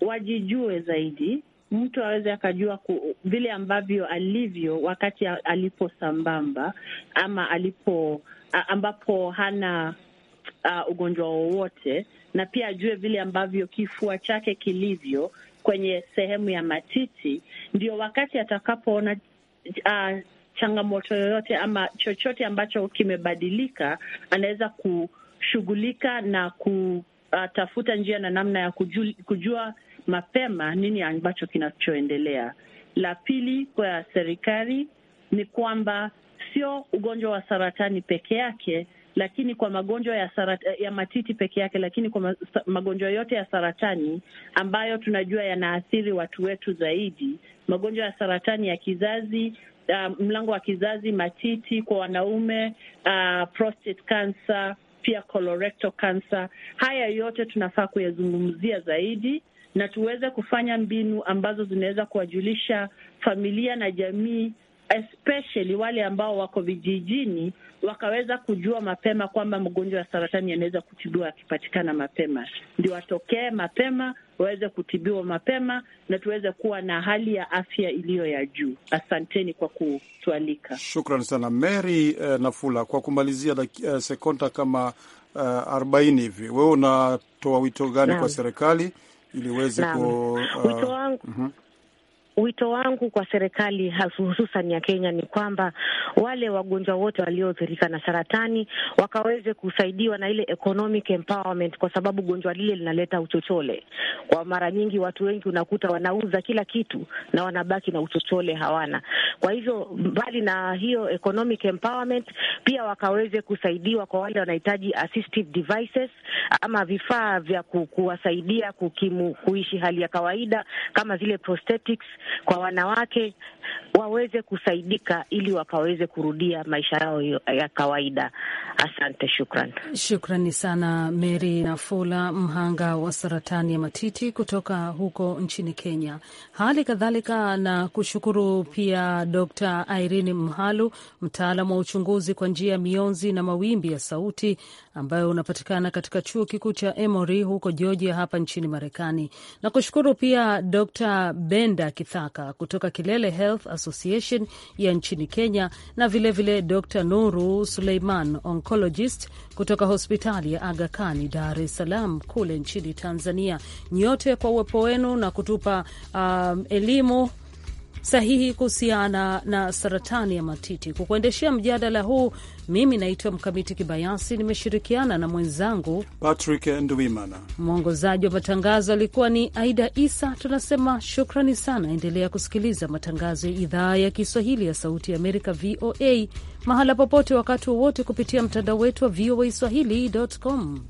wajijue zaidi mtu aweze akajua ku, vile ambavyo alivyo wakati alipo sambamba ama alipo ambapo hana a, ugonjwa wowote, na pia ajue vile ambavyo kifua chake kilivyo kwenye sehemu ya matiti, ndio wakati atakapoona changamoto yoyote ama chochote ambacho kimebadilika, anaweza kushughulika na kutafuta njia na namna ya kujua, kujua mapema nini ambacho kinachoendelea. La pili kwa serikali ni kwamba sio ugonjwa wa saratani peke yake, lakini kwa magonjwa ya sarat, ya matiti peke yake, lakini kwa magonjwa yote ya saratani ambayo tunajua yanaathiri watu wetu zaidi, magonjwa ya saratani ya kizazi uh, mlango wa kizazi, matiti kwa wanaume, uh, prostate cancer, pia colorectal cancer. Haya yote tunafaa kuyazungumzia zaidi na tuweze kufanya mbinu ambazo zinaweza kuwajulisha familia na jamii especially wale ambao wako vijijini wakaweza kujua mapema kwamba mgonjwa wa saratani anaweza kutibiwa akipatikana mapema, ndio watokee mapema, waweze kutibiwa mapema na tuweze kuwa na hali ya afya iliyo ya juu. Asanteni kwa kutualika. Shukran sana Mary eh, Nafula. Kwa kumalizia eh, sekonda kama eh, arobaini eh, hivi, wewe unatoa wito gani na kwa serikali ili uweze ku uh, wito wangu uh, -hmm. Wito wangu kwa serikali hususan ya Kenya ni kwamba wale wagonjwa wote walioathirika na saratani wakaweze kusaidiwa na ile economic empowerment, kwa sababu gonjwa lile linaleta uchochole. Kwa mara nyingi watu wengi unakuta wanauza kila kitu na wanabaki na uchochole, hawana. Kwa hivyo, mbali na hiyo economic empowerment, pia wakaweze kusaidiwa kwa wale wanahitaji assistive devices ama vifaa vya kuwasaidia kukimu, kuishi hali ya kawaida kama zile prosthetics kwa wanawake waweze kusaidika ili wakaweze kurudia maisha yao ya kawaida. Asante, shukran. Shukrani sana Mary Nafula, mhanga wa saratani ya matiti kutoka huko nchini Kenya, hali kadhalika na kushukuru pia Dr. Irene Mhalu, mtaalam wa uchunguzi kwa njia ya mionzi na mawimbi ya sauti, ambayo unapatikana katika chuo kikuu cha Emory huko Georgia hapa nchini Marekani, na kushukuru pia Dr. Benda Kif Thaka kutoka Kilele Health Association ya nchini Kenya na vilevile vile Dr Nuru Suleiman, oncologist kutoka hospitali ya Aga kani Dar es Salaam kule nchini Tanzania. Nyote kwa uwepo wenu na kutupa um, elimu sahihi kuhusiana na saratani ya matiti. Kukuendeshea mjadala huu, mimi naitwa Mkamiti Kibayasi, nimeshirikiana na mwenzangu Patrick Nduwimana. Mwongozaji wa matangazo alikuwa ni Aida Isa. Tunasema shukrani sana, endelea kusikiliza matangazo ya idhaa ya Kiswahili ya Sauti ya Amerika, VOA, mahala popote, wakati wowote, kupitia mtandao wetu wa VOA swahili.com.